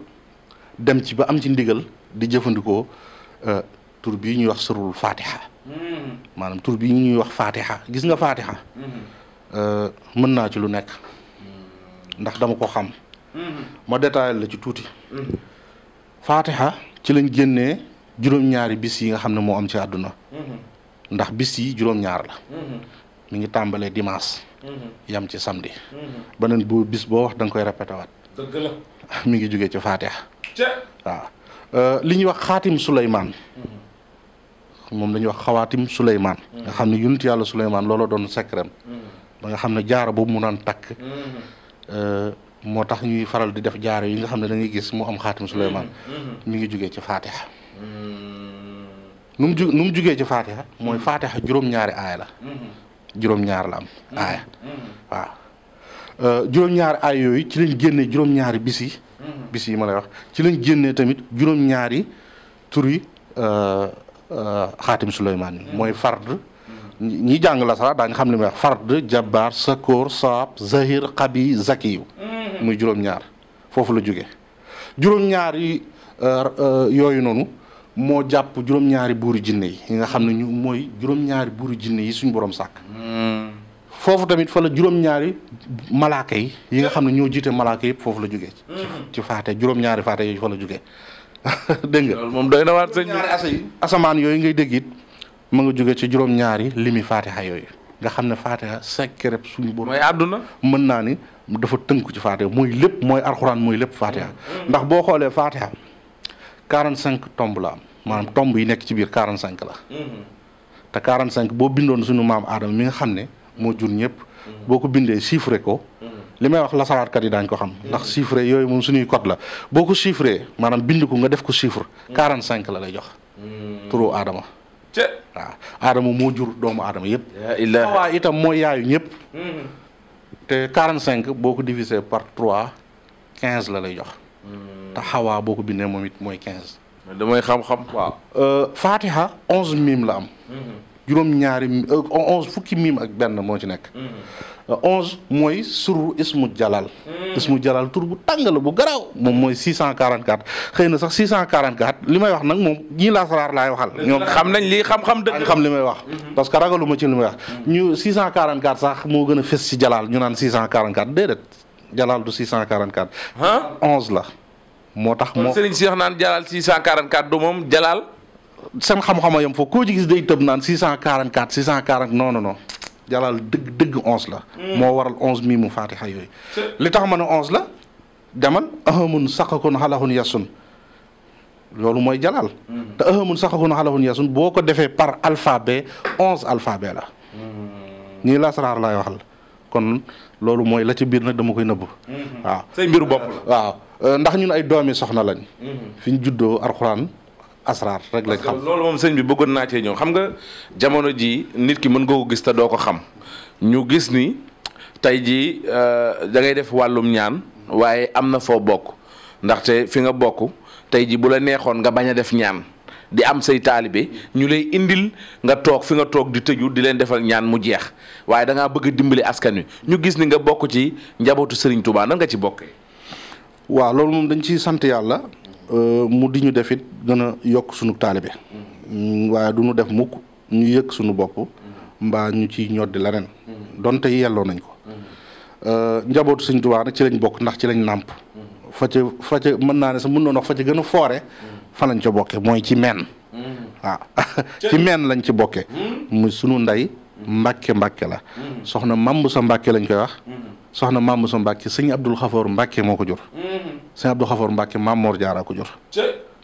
dem ci ba am ci ndigal di jëfandikoo euh, tur bii ñuy wax surul fatiha hmm. maanaam tur bii ñuy wax fatiha gis nga fatiha hmm. euh, mën naa ci lu nekk hmm. ndax dama ko xam ma détaillé la ci tuuti fatiha ci lañ génnee juróom-ñaari bis yi nga xam ne moo am ci àdduna ndax bis yi juróom-ñaar la mi ngi tàmbalee dimanche yam ci samedi beneen bu bis boo wax danga koy répété waat mi ngi jógee ci fatiha Euh, li ñuy wax xaatim Souleymane moom la wax xawaatim Souleymane nga xam ne yonent yàlla Souleymane loola doon secret ba nga xam ne jaaro boobu mu naan takk euh, moo tax ñuy faral di def jaaro yi nga xam ne dangay gis mu am xaatim Souleymane ñu ngi jóge ci Fatiha nu jóge ci Fatiha mooy Fatiha juróom-ñaari aaya la juróom-ñaar la am aaya Euh, juróom-ñaari aay yooyu ci lañ génnee juróom-ñaari bis yi. Mm-hmm. bis yi ma lay wax ci lañ génnee tamit juróom-ñaari turi euh, euh, xaatim Souleymane yi mm-hmm. mooy fard. ñi jàng la sax daañu xam li may wax fard jabbaar sakoor saab zahir xabi zakiyu mm-hmm. muy juróom-ñaar foofu la jóge juróom-ñaar yooyu noonu moo jàpp juróom-ñaari buuru jinne yi nga xam ne ñu mooy juróom-ñaari buuru jinne yi suñu borom sàkk fofu tamit fa la juróom-ñaari malaaka yi yi nga xamne ñoo jité malaaka yëpp fofu la juggé hmm. ci faaté juróom-ñaari faaté yi fa la juggé dégg nga. loolu moom doy na waat sëñ bi asamaan yooyu ngay dégg ma nga juggé ci juróom-ñaari limi faatiha yoy nga xamne ne faatiha suñu borom. moy aduna mën na ni dafa teunku ci faatiha moy lepp moy alcorane moy lepp faatiha. Hmm. ndax bo xolé faatiha 45 tombe la manam tombe yi nek ci bir 45 la. ta 45 bo bindon suñu mam adam mi nga xamne mo jur ñep boko ko chiffré ko mm-hmm. wax la wax kat yi dañ ko xam ndax chiffré yoy moom suñuy code la boko chiffré manam bind ko nga def ko chiffre 45 mm-hmm. la lay jox mm-hmm. turu adama ci adama mo jur doomu aadama yëpp wa ya itam mooy yaay ñep té 45 boko diviser par 3 15 la lay jox ta hawa boko bindé momit moy 15 damay xam-xam euh fatiha 11 mim la am juróom-ñaari euh, onze fukki miim ak benn moo ci nekk. Mm-hmm. Euh, onze mooy suru ismu jalal. Mm-hmm. ismu jalal tur bu tàngala bu garaaw moom mooy 644 xëy na sax 644 li may wax nag moom ñii laa saraar laay waxal. ñoom xam nañ lii xam-xam dëgg xam li may wax. Mm-hmm. parce que ragalu ma ci li may wax. ñu 644 sax moo gën a fës ci jalal ñu naan 644 déedéet jalal du 644. ah 11 la. moo tax moo kon Serigne Cheikh naan jalal 644 du moom jalal. seen xam-xama yam foofu koo ci gis day tëb naan 644 640 non non non jalaal dëgg dëgg onze la hmm. moo waral onze mii mu faatixa yooyu li tax ma ne la demal ahamun saqakun xalaxun yasun loolu mooy jalaal hmm. te ahamun saqakun xalaxun yasun boo ko defee par alphabet onze alphabet la hmm. nii lasaraar laay waxal kon loolu mooy la ci biir nag dama koy nëbb waaw ndax ñun ay doomi soxna lañ fi ñu juddoo alxuraan asraar rek lañ xam loolu moom sëñ bi bëggoon naa cee ñëw xam nga jamono ji nit ki mën nga koo gis te doo ko xam ñu gis ni tey jii euh, da ngay def wàllum ñaan waaye am na foo bokk ndaxte fi nga bokk tey jii bu la neexoon nga bañ a def ñaan di am say taalibe ñu lay indil nga toog fi nga toog di tëju di leen defal ñaan mu jeex waaye da ngaa bëgg dimbali askan wi ñu gis ni nga bokk ci njabootu sëriñ Touba nan nga ci bokkee. waaw loolu moom dañ ciy sant yàlla Euh, mu di ñu defit it gën a yokk sunu taalibe mm, waaye du ñu def mukk ñu yëg sunu bopp mbaa ñu ci ñoddi leneen mm-hmm. donte yelloo nañ ko mm-hmm. euh, njaboot Sëñ Tuubaa nag ci lañ bokk ndax ci lañ nàmp mm-hmm. fa ca fa mën naa ne sax mën noon wax fa ca gën a foore fa lañ ca bokke mooy ci meen waaw ci meen lañ ci bokke mu sunu ndey mbakke mbàkke la soxna mamb sa mbàkke lañ koy wax soxna maam Moussa Mbacke sëñ Abdul Xafoor Mbacke moo ko jur. Mm-hmm. sëñ Abdul Xafoor Mbacke maam Mor Diarra ko jur.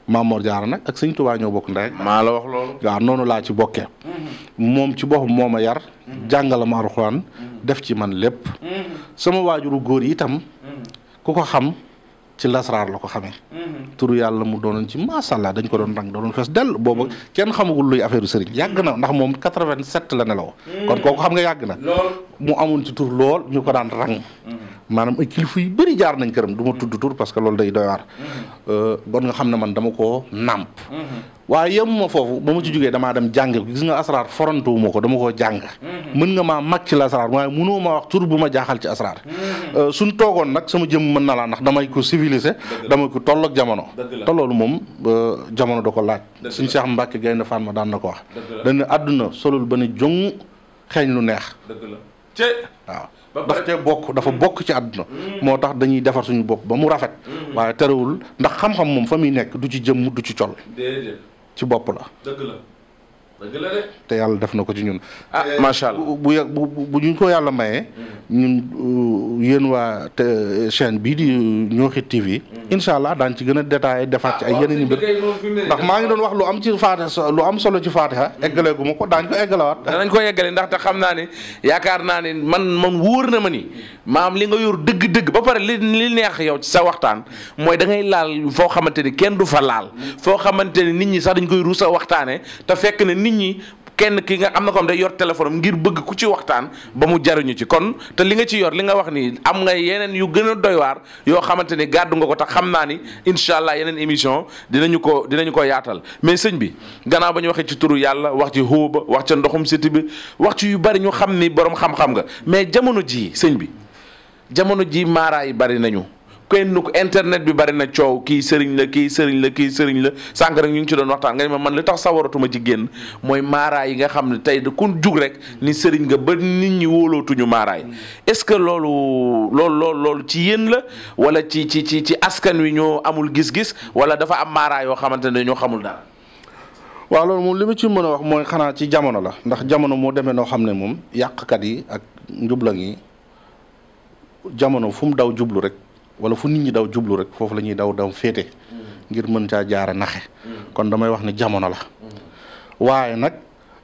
maam Mor Diarra nag ak sëñ Touba ñoo bokk ndey. maa la wax loolu. waaw noonu laa ci bokkee. Mm-hmm. moom ci boppam moo ma yar. Mm-hmm. jàngala ma Alxuraan def ci man lépp. sama waajuru góor yi itam ku ko xam. ci lasraar la ko xamee. Mm-hmm. turu yàlla mu doonoon ci macha allah dañ ko doon rang doonoon fees dell boobu kenn xamagul luy affaire sëriñ yàgg na ndax moom 87 la nelaw. Mm-hmm. kon kooku xam nga yàgg na. mu amoon ci tur lool ñu ko daan rang. Mm-hmm. maanaam ay kilifa yu bëri jaar nañ këram du ma tudd tur parce que loolu day doy euh, bon nga xam ne man dama ko nàmp. waaye yem ma foofu ba ma ci jógee damaa dem jàng gis nga asraar forantuwu ma ko dama koo jàng mhm. mën nga maa mag ci la asraar waaye mënoo ma wax tur bu ma jaaxal ci asraar mhm. euh, suñ toogoon nag sama jëm mën na laa ndax damay ko civilisé damay ko toll jamono te loolu moom jamono da ko laaj suñ Cheikh Mbacke Gaynde Fatma daan na ko wax dana àdduna solul ba ne joŋ xeeñ lu neex waaw daf cee bokk dafa mm. bokk ci àdduna mm. moo tax dañuy defar suñu bopp ba mu rafet mm. waaye terewul ndax xam moom fa muy nekk du ci jëmm du ci col ci bopp la. dëgg la. te yàlla def na ko ci ñun. ah eh. macha allah bu bu bu ñu ko yàlla mayee. Hmm. ñun uh, yéen waa te chaîne bii di uh, Ñoxi TV. Hmm. incha allah daan ci gën a détaillé defaat ci ay ah, yeneen i mbir. ndax maa ngi doon wax lu am ci faatiha lu am solo ci faatiha. Hmm. eggalee gu ma ko daañu ko eggalawaat. danañ ko eggale ndax te xam naa ne yaakaar naa ne man man wóor na ma ni maam li nga yor dëgg-dëgg ba pare li li neex yow ci sa waxtaan mooy dangay laal foo xamante ni kenn du fa laal. foo xamante nit ñi sax ñi kenn ki nga am na ko am day yor téléphone ngir bëgg ku ci waxtaan ba mu jariñu ci kon te li nga ci yor li nga wax ni am nga yeneen yu gën a doy waar yoo xamante ni gàddu nga ko tax xam naa ni incha allah yeneen émission dinañu ko dinañu ko yaatal mais sëñ bi gannaaw ba ñu waxee ci turu yàlla wax ci xuuba wax ca ndoxum siti bi wax ci yu bari ñu xam ni borom xam-xam nga mais jamono jii sëñ bi jamono jii maaraay bari nañu. kenn ko internet bi bari na coow kii sëriñ la kii sëriñ la kii sëriñ la sànq ñu ngi ci doon waxtaan nga man li tax sawaratuma ci mooy maaraay yi nga xam ne tey da ku ni sëriñ nga ba nit ñi wóolootuñu maaraay est-ce que loolu loolu ci yéen la wala ci ci ci ci askan wi ñoo amul gis-gis wala dafa am maaraay yoo xamante ne ñoo xamul daal. waaw loolu moom li ma ci mën a wax mooy xanaa ci jamono la ndax jamono moo demee noo xam ne moom yàqkat yi ak njubla yi jamono fu mu daw jublu rek. wala fu nit ñi daw jublu rek foofu la ñuy daw daw féete mm. ngir mën caa jaare naxe mm. kon damay wax ne jamono la mm. waaye nag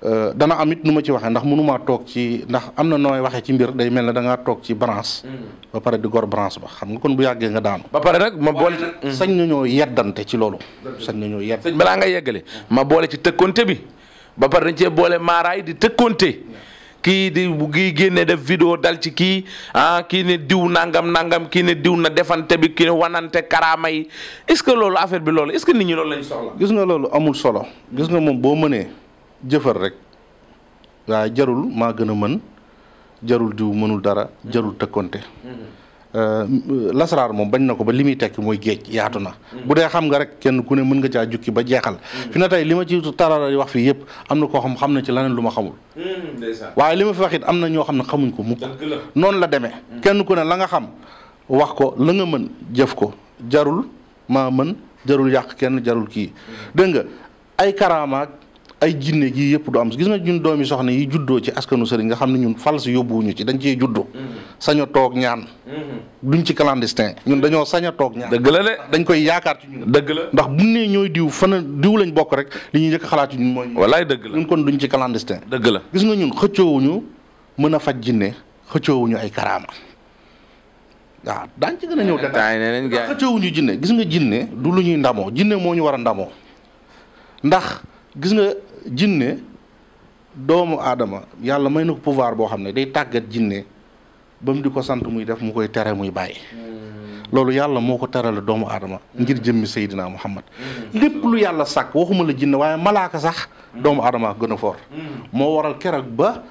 euh, dana am it nu ma ci waxee ndax mënumaa toog ci ndax am na nooy waxee ci mbir day mel ne da toog ci branche ba pare di gor branche ba xam nga kon bu yàggee nga daanu ba pare nag ma boole sañ nañoo yeddante ci loolu sañ nañoo yedd balaa nga yeggale ma boole ci tëkkonte bi ba pare dañ cee boole yi di tëkkonte kii di bu kii génne def vidéo dal ci kii ah kii ne diw nangam nangam kii ne diw na defante bi kii ne wanante karaama yi est-ce que loolu affaire bi loolu est que nit ñi loolu lañ soxla. gis nga loolu amul solo gis nga moom boo mënee jëfal rek waaye jarul maa gën a mën jarul diw mënul dara jarul tëkkonte. Mm-hmm. Euh, lasaraar moom bañ na ko ba li muy tekki mooy géej yaatu na mm. bu dee xam nga rek kenn ku ne mën nga caa jukki ba jeexal mm. fi na tey li ma ci tarara wax fii yëpp am na koo xam xam na ci leneen lu ma xamul mm, waaye li ma fi wax it am na ñoo xam ne xamuñ ko mukk noonu la demee kenn ku ne la nga xam wax ko la mën jëf ko jarul ma mën jarul yàq kenn jarul kii dégg nga ay karaamaak ay jinne gi yëpp du am gis nga ñun yi soxna yi juddoo ci askanu sëriñ nga xam ne ñun fals yóbbuwuñu ci dañ cee juddu. Mm-hmm. sañ toog ñaan. Mm-hmm. duñ ci clandestin ñun dañoo sañ a toog ñaan. dëgg la de dañ koy yaakaar ci ñun. dëgg ndax bu nee ñooy fan diw lañ bokk rek li ñuy njëkk xalaat ci ñun walaay dëgg la ñun kon duñ ci clandestin. dëgg la gis nga ñun xëccoowuñu mën a faj jinne xëccoowuñu ay karaama. waaw daañ ci gën a ñëw détaillé xëccoowuñu jinne gis nga jinne du lu ñuy ndamoo jinne moo ñu war a ndamoo ndax gis nga jinne doomu aadama yàlla may na ko pouvoir boo xam ne day tàggat jinne ba mu di ko sant muy def mu koy tere muy bàyyi hmm. loolu yàlla moo ko terale doomu adama ngir hmm. jëmmi Seydina Muhammad hmm. lépp lu yàlla sàkk waxuma la jinne waaye malaaka sax doomu aadama gën a foor moo waral keroog ba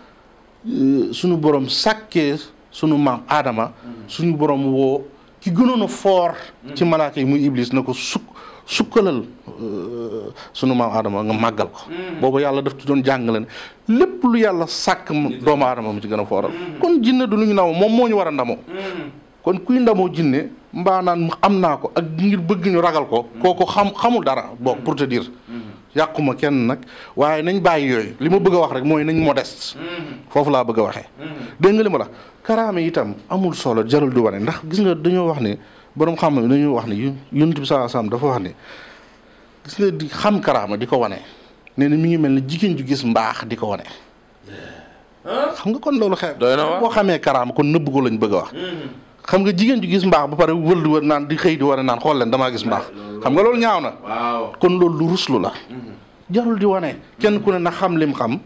euh, suñu borom sàkkee sunu maam aadama suñu borom woo ki gënoon foor ci malaaka yi muy Iblis na ko sukk sukkalal euh, sunu maam aadama nga màggal ko boobu yàlla def ci doon jàngale ne lépp lu yàlla sàkk doomu aadama mu ci gën a fooral kon jinne du lu ñu naw moom moo ñu war a ndamoo kon kuy ndamoo jinne mbaa naan am naa ko ak ngir bëgg ñu ragal ko ko xam xamul dara boog pour te dire yàquma kenn nag waaye nañ bàyyi yooyu li ma bëgg a wax rek mooy nañ modeste foofu laa bëgg a waxee dégg nga la karaame itam amul solo jarul di wane ndax gis nga dañoo wax ne borom xam ne dañu wax ne yu yonent bi sallallahu alayhi dafa wax ne gis nga di xam karaama di ko wane ne na mi ngi mel ne jigéen ju gis mbaax di ko wane. xam nga kon loolu xew boo xamee karaama kon nëbb ko lañ bëgg a wax. xam nga jigéen ju gis mbaax ba pare wël di war naan di xëy di war a naan xool leen damaa gis mbaax. xam nga loolu ñaaw na. kon loolu lu la. Mm-hmm. jarul di wane kenn ku ne na xam lim xam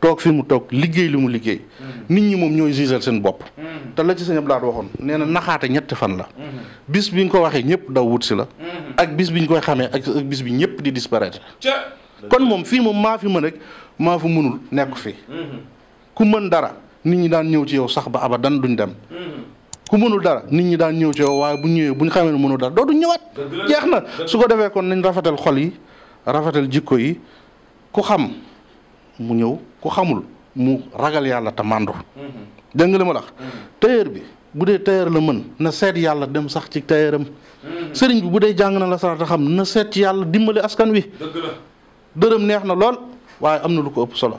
toog fi mu toog liggéey li mu liggéey nit ñi moom ñëw gisal seen bopp te la ci sëñ Abdou nee na naxaate ñetti fan la bis bi ko waxee ñëpp daw wut si la ak bis bi ñu koy xamee ak bis bi ñëpp di disparaître kon moom fii moom maa fi mën rek maa fi mënul nekk fi ku mën dara nit ñi daan ñëw ci yow sax ba abadan duñ dem ku mënul dara nit ñi daan ñëw ci yow waaye bu ñëwee bu ñu xamee ne mënul dara dootu ñëwaat jeex na su ko defee kon nañ rafetal xol yi rafetal jikko yi ku xam mu ñëw ku xamul mu ragal yàlla te màndu mm-hmm. dégg nga li la wax mm-hmm. bi bu dee tailleur la mën na seet yàlla dem sax ci tailleuram mm-hmm. sëriñ bi bu dee jàng na la sarata xam na seet yàlla dimbali askan wi dëgg dërëm neex na lool waaye am na lu ko ëpp solo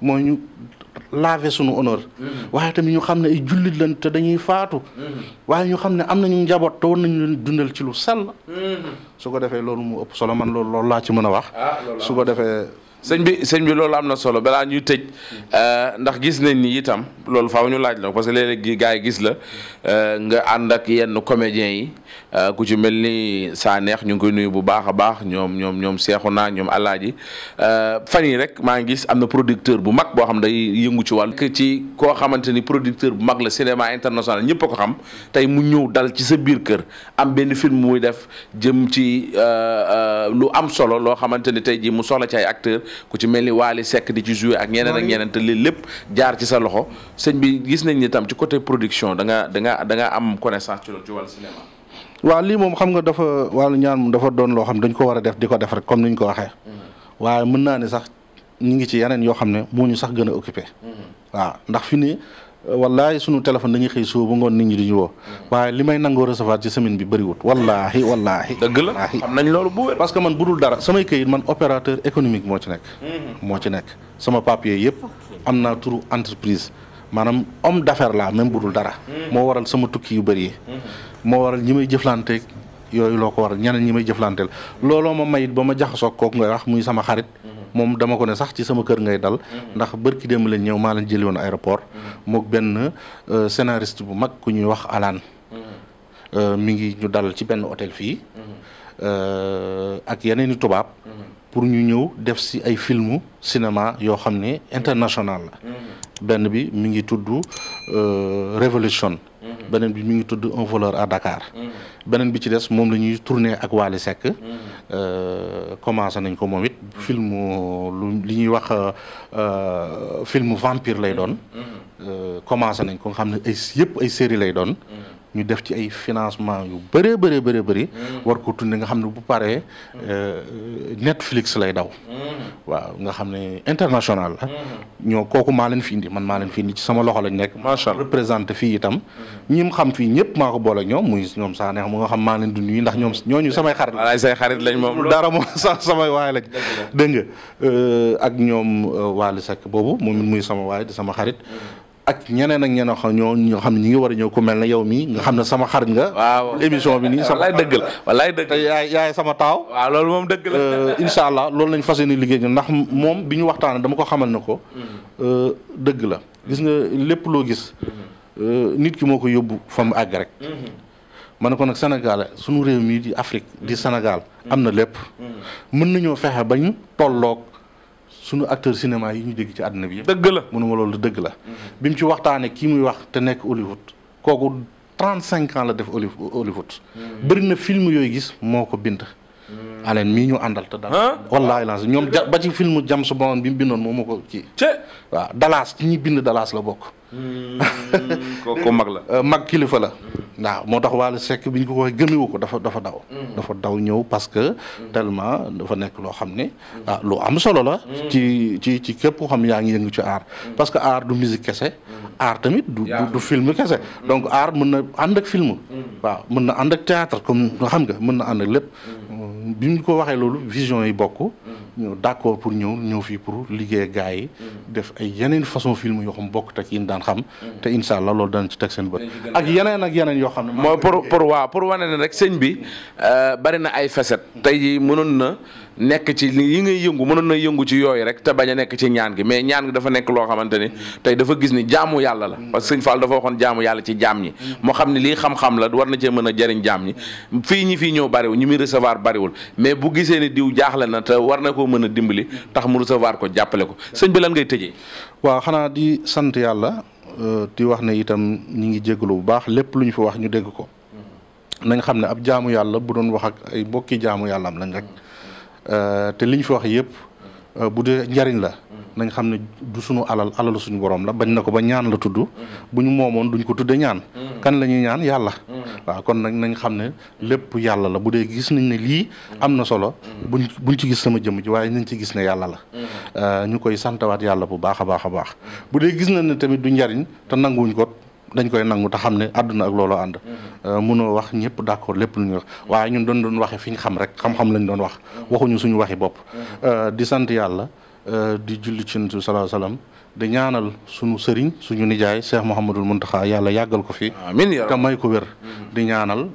mooy ñu laver sunu honneur. waaye tamit ñu xam ne ay jullit lañ te dañuy faatu. waaye ñu xam ne am nañu njaboot te war nañu leen dundal ci lu sell. su ko defee loolu mu ëpp solo man loolu loolu laa ci mën a wax. Ah, su ko defee. sëñ bi sëñ bi loolu am na solo balaa ñuy tëj euh, ndax gis nañ ni itam loolu faaw ñu laaj la parce que léeg-léeg gars yi gis la euh, nga ànd ak yenn comédiens yi Euh, ku ci mel ni saa neex ñu ngi koy nuyu bu baax a baax ñoom ñoom ñoom seexu naa ñoom alaaji euh, fan yi rek maa ngi gis am na producteur bu mag boo xam day yëngu ci wàll ci koo xamante ni producteur bu mag la cinéma international ñëpp a ko xam tey mu ñëw dal ci sa biir kër am benn film muy def jëm ci euh, lu am solo loo xamante ni tey jii mu solo ci ay acteur ku ci mel ni Waly Seck di ci joué ak ñeneen ak ñeneen te lépp jaar ci sa loxo sëñ bi gis nañ ni tam ci côté production da nga da nga da nga am connaissance ci loolu ci wàllu cinéma waaw lii moom xam nga dafa wàllu ñaan moom dafa doon loo xam dañ ko war a def di ko def rek comme ni ñu ko waxee. Mm-hmm. waaye mën naa ne sax ñu ngi ci yeneen yoo xam ne moo ñu sax gën a occupé. Mm-hmm. waaw ndax fi ni wallahi sunu téléphone dañuy xëy suba ba ngoon nit ñi di ñu woo mm-hmm. waaye li may nangoo recevoir ci semaine bi bëriwut wallahi wallahi dëgg la xam nañ loolu bu wér parce que man budul dara samay këyit man opérateur économique moo ci nekk moo ci nekk sama papier yëpp am naa turu entreprise manam Om dafer la même bu dara hmm. mo waral sama tukki yu bari hmm. mo waral ñi may jëflanteeg yooyu loo ko waral ñeneen ñi may jëflanteel looloo ma mayit bama ma ko kooku wax muy sama xarit mom hmm. dama ko ne sax ci sama kër ngay dal ndax barki dem lañ ñew ma leen jël won aéroport mook ben euh, scénariste bu mag ku ñuy wax euh mi ngi ñu dal ci ben hôtel euh ak yeneen ni tubab pour ñu ñew def si ay filmu cinéma yo xamné international ben bi mi ngi tudd euh, revolution mhm. benen bi mi ngi un voleur à Dakar mhm. benen bi ci dess mom lañuy tourner ak Wally mhm. euh commencé nañ ko momit film liñuy li wax euh, film vampire lay doon euh, commencé nañ ko nga ay yépp ay série lay doon ñu def ci ay financement yu bëree bëree bëri bëri mm. war ko tunde nga xam ne bu paree mm. euh, Netflix lay daw mm. waaw nga xam ne international ñoo kooku maa leen fi indi man maa leen fi indi ci sama loxo lañ nekk macha allah représenté fii itam ñim xam fii ñëpp maa ko boole ñoom muy ñoom saa neex mu nga xam maa leen dund yi ndax ñoom ñooñu samay xarit lañ say xarit lañ moom dara moom samay waay lañ dégg nga euh, ak ñoom euh, Waly Seck boobu moom muy sama waay di sama xarit ak ñeneen ak ñeneen xam ñoo ñoo xam ne ñi ngi war a ñëw ko mel na yow mii nga xam ne sama xarit nga. waaw émission bi nii sama dëgg la la te yaay yaay sama taaw. waaw loolu moom dëgg la. Euh, incha allah loolu lañ fas yéene liggéey ndax moom bi ñu waxtaanee dama ko xamal na ko. Mm-hmm. Euh, dëgg la gis nga lépp loo gis. Mm-hmm. Euh, nit ki moo ko yóbbu fa mu àgg rek. Mm-hmm. ma ne kon nag Sénégal suñu réew mii di Afrique di Sénégal am na lépp. mën nañoo fexe bañ tolloog. sunu acteur cinéma yi ñu dégg ci àdduna bi yëpp. dëgg la mënuma loolu dëgg la. Mm-hmm. bi mu ci waxtaanee kii muy wax te nekk Hollywood kooku 35 ans la def Hollywood. Mm-hmm. bëri na film yooyu gis moo ko bind. Mm-hmm. aleen mii ñu àndal te dara. wallaahi laas ñoom ja ba ci filmu James Bond bi mu bindoon moom moo ko ci kii. waaw Dallas ci ñi bind Dallas la bokk. Mm. kooku mag la euh, mag kilifa la. waaw moo tax Wally Seck bi ñu ko waxee gëmewu ko dafa dafa daw. Mm. dafa daw ñëw parce que. Mm. tellement dafa nekk loo xam ne. ah lu am solo la. ci ci ci koo xam yaa ngi yëngu ci aar. parce que aar du musique kese. aar tamit du du film kese. donc aar mën na ànd ak film. waaw mën na ànd ak théâtre comme xam nga mën na ànd ak lépp. bi ko waxee loolu vision yi bokk. ñëw d'accord pour ñëw ñëw fii pour liggéey gars yi. def ay yeneen façon film yoo xam bokk tak yi daan xam. te incha allah loolu daan ci teg seen bët. ak yeneen ak yeneen yoo xam ne. mooy pour pour waaw pour wane ne rek sëñ bi euh, bari na ay facettes. tey jii mënoon na. nekk ci li yi ngay yëngu mënoon na yëngu ci yooyu rek te bañ a nekk ci ñaan gi mais ñaan gi dafa nekk loo xamante ni tey dafa gis ni jaamu yàlla la parce sëñ Fall dafa waxoon jaamu yàlla ci jaam ñi moo xam ne lii xam la war na cee mën a jëriñ jaam ñi fii ñi fii ñëw bariwul ñi muy recevoir bariwul mais bu gisee ni diw jaaxle na te war na koo mën a dimbali tax mu recevoir ko jàppale ko sëñ bi lan ngay tëjee waaw xanaa di sant yàlla euh, di wax ne itam ñu ngi jégalu bu baax lépp lu ñu fi wax ñu dégg ko mm-hmm. nañ xam ne ab jaamu yàlla bu doon wax ak ay mbokki jaamu yàlla am lañ rek Euh, te liñ fi wax yëpp euh, bu dee njariñ la nañ xam ne du sunu alal alalu suñu borom la bañ na ko ba ñaan la tudd bu ñu moomoon duñ ko tudde ñaan kan la ñuy ñaan yàlla waaw kon nag nañ xam ne lépp yàlla la bu dee gis nañ ne lii am na solo bu buñ ci gis sama jëmm ji waaye nañ ci gis ne yàlla la euh, ñu koy santawaat yàlla bu baax a baax a baax bu dee gis nañ ne tamit du njariñ te nanguwuñ ko dañ koy nangu te xam ne àdduna ak looloo ànd euh, mënoo wax ñëpp d'accord lépp lu ñu wax waaye ñun doon doon waxe fi ñu xam rek xam-xam lañu doon wax waxuñu suñu waxi bopp euh, di sant yàlla euh, di julli ci nabi sallallahu alayhi wasallam di ñaanal suñu sëriñ suñu nijaay Cheikh Mouhamadul Mountakha yàlla yàggal ko fi amiin te may ko wér di ñaanal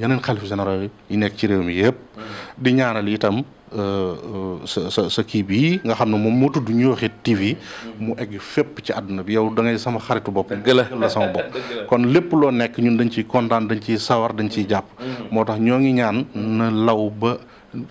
yeneen xalifa généraux yi nekk ci réew mi yëpp di ñaanal itam sa sa sa kii bii nga xam ne moom moo tudd ñu waxee TV mu egg fépp ci àdduna bi yow da ngay sama xaritu bopp gëla la sama bopp kon lépp loo nekk ñun dañ ciy kontaan dañ ci sawar dañ ciy jàpp mm-hmm. moo tax ñoo ngi ñaan na law ba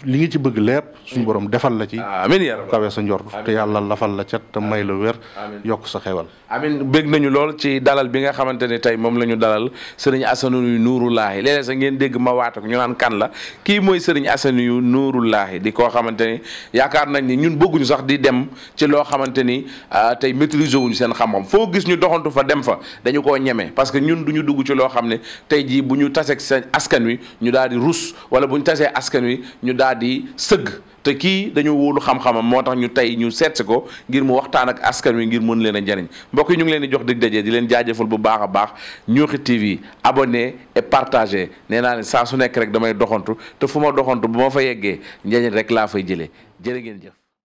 li nga ci bëgg lépp suñu borom defal la ci amiin yaa rabbi kawe sa njort te yàlla lafal la cat te may la wér yokk sa xewal amiin nañu lool ci dalal bi nga xamante ne tey moom la ñu dalal sëriñ Assane yu Nuurulaahi léeg-léeg sax ngeen dégg ma waate ko ñu naan kan la kii mooy sëriñ Assane yu Nuurulaahi di koo xamante ni yaakaar nañ ni ñun bëgguñu sax di dem ci loo xamante ni ah, tey maîtriser wuñu seen xam-xam foo gis ñu doxantu fa dem fa dañu koo ñeme parce que ñun duñu dugg ci loo xam ne tey jii bu ñu taseeg seen askan wi ñu daal di rus wala bu ñu tasee askan wi ñu di sëgg te kii dañu wóolu xam-xamam moo tax ñu tey ñu seet ko ngir mu waxtaan ak askan wi ngir mën leen a njariñ mbokk yi ñu ngi leen di jox dig dajee di leen jaajëfal bu baax a baax Ñooxi TV abonné et partagé nee naa ne saa su nekk rek damay doxantu te fu ma doxantu bu ma fa yeggee njariñ rek laa fay jëlee jërë ngeen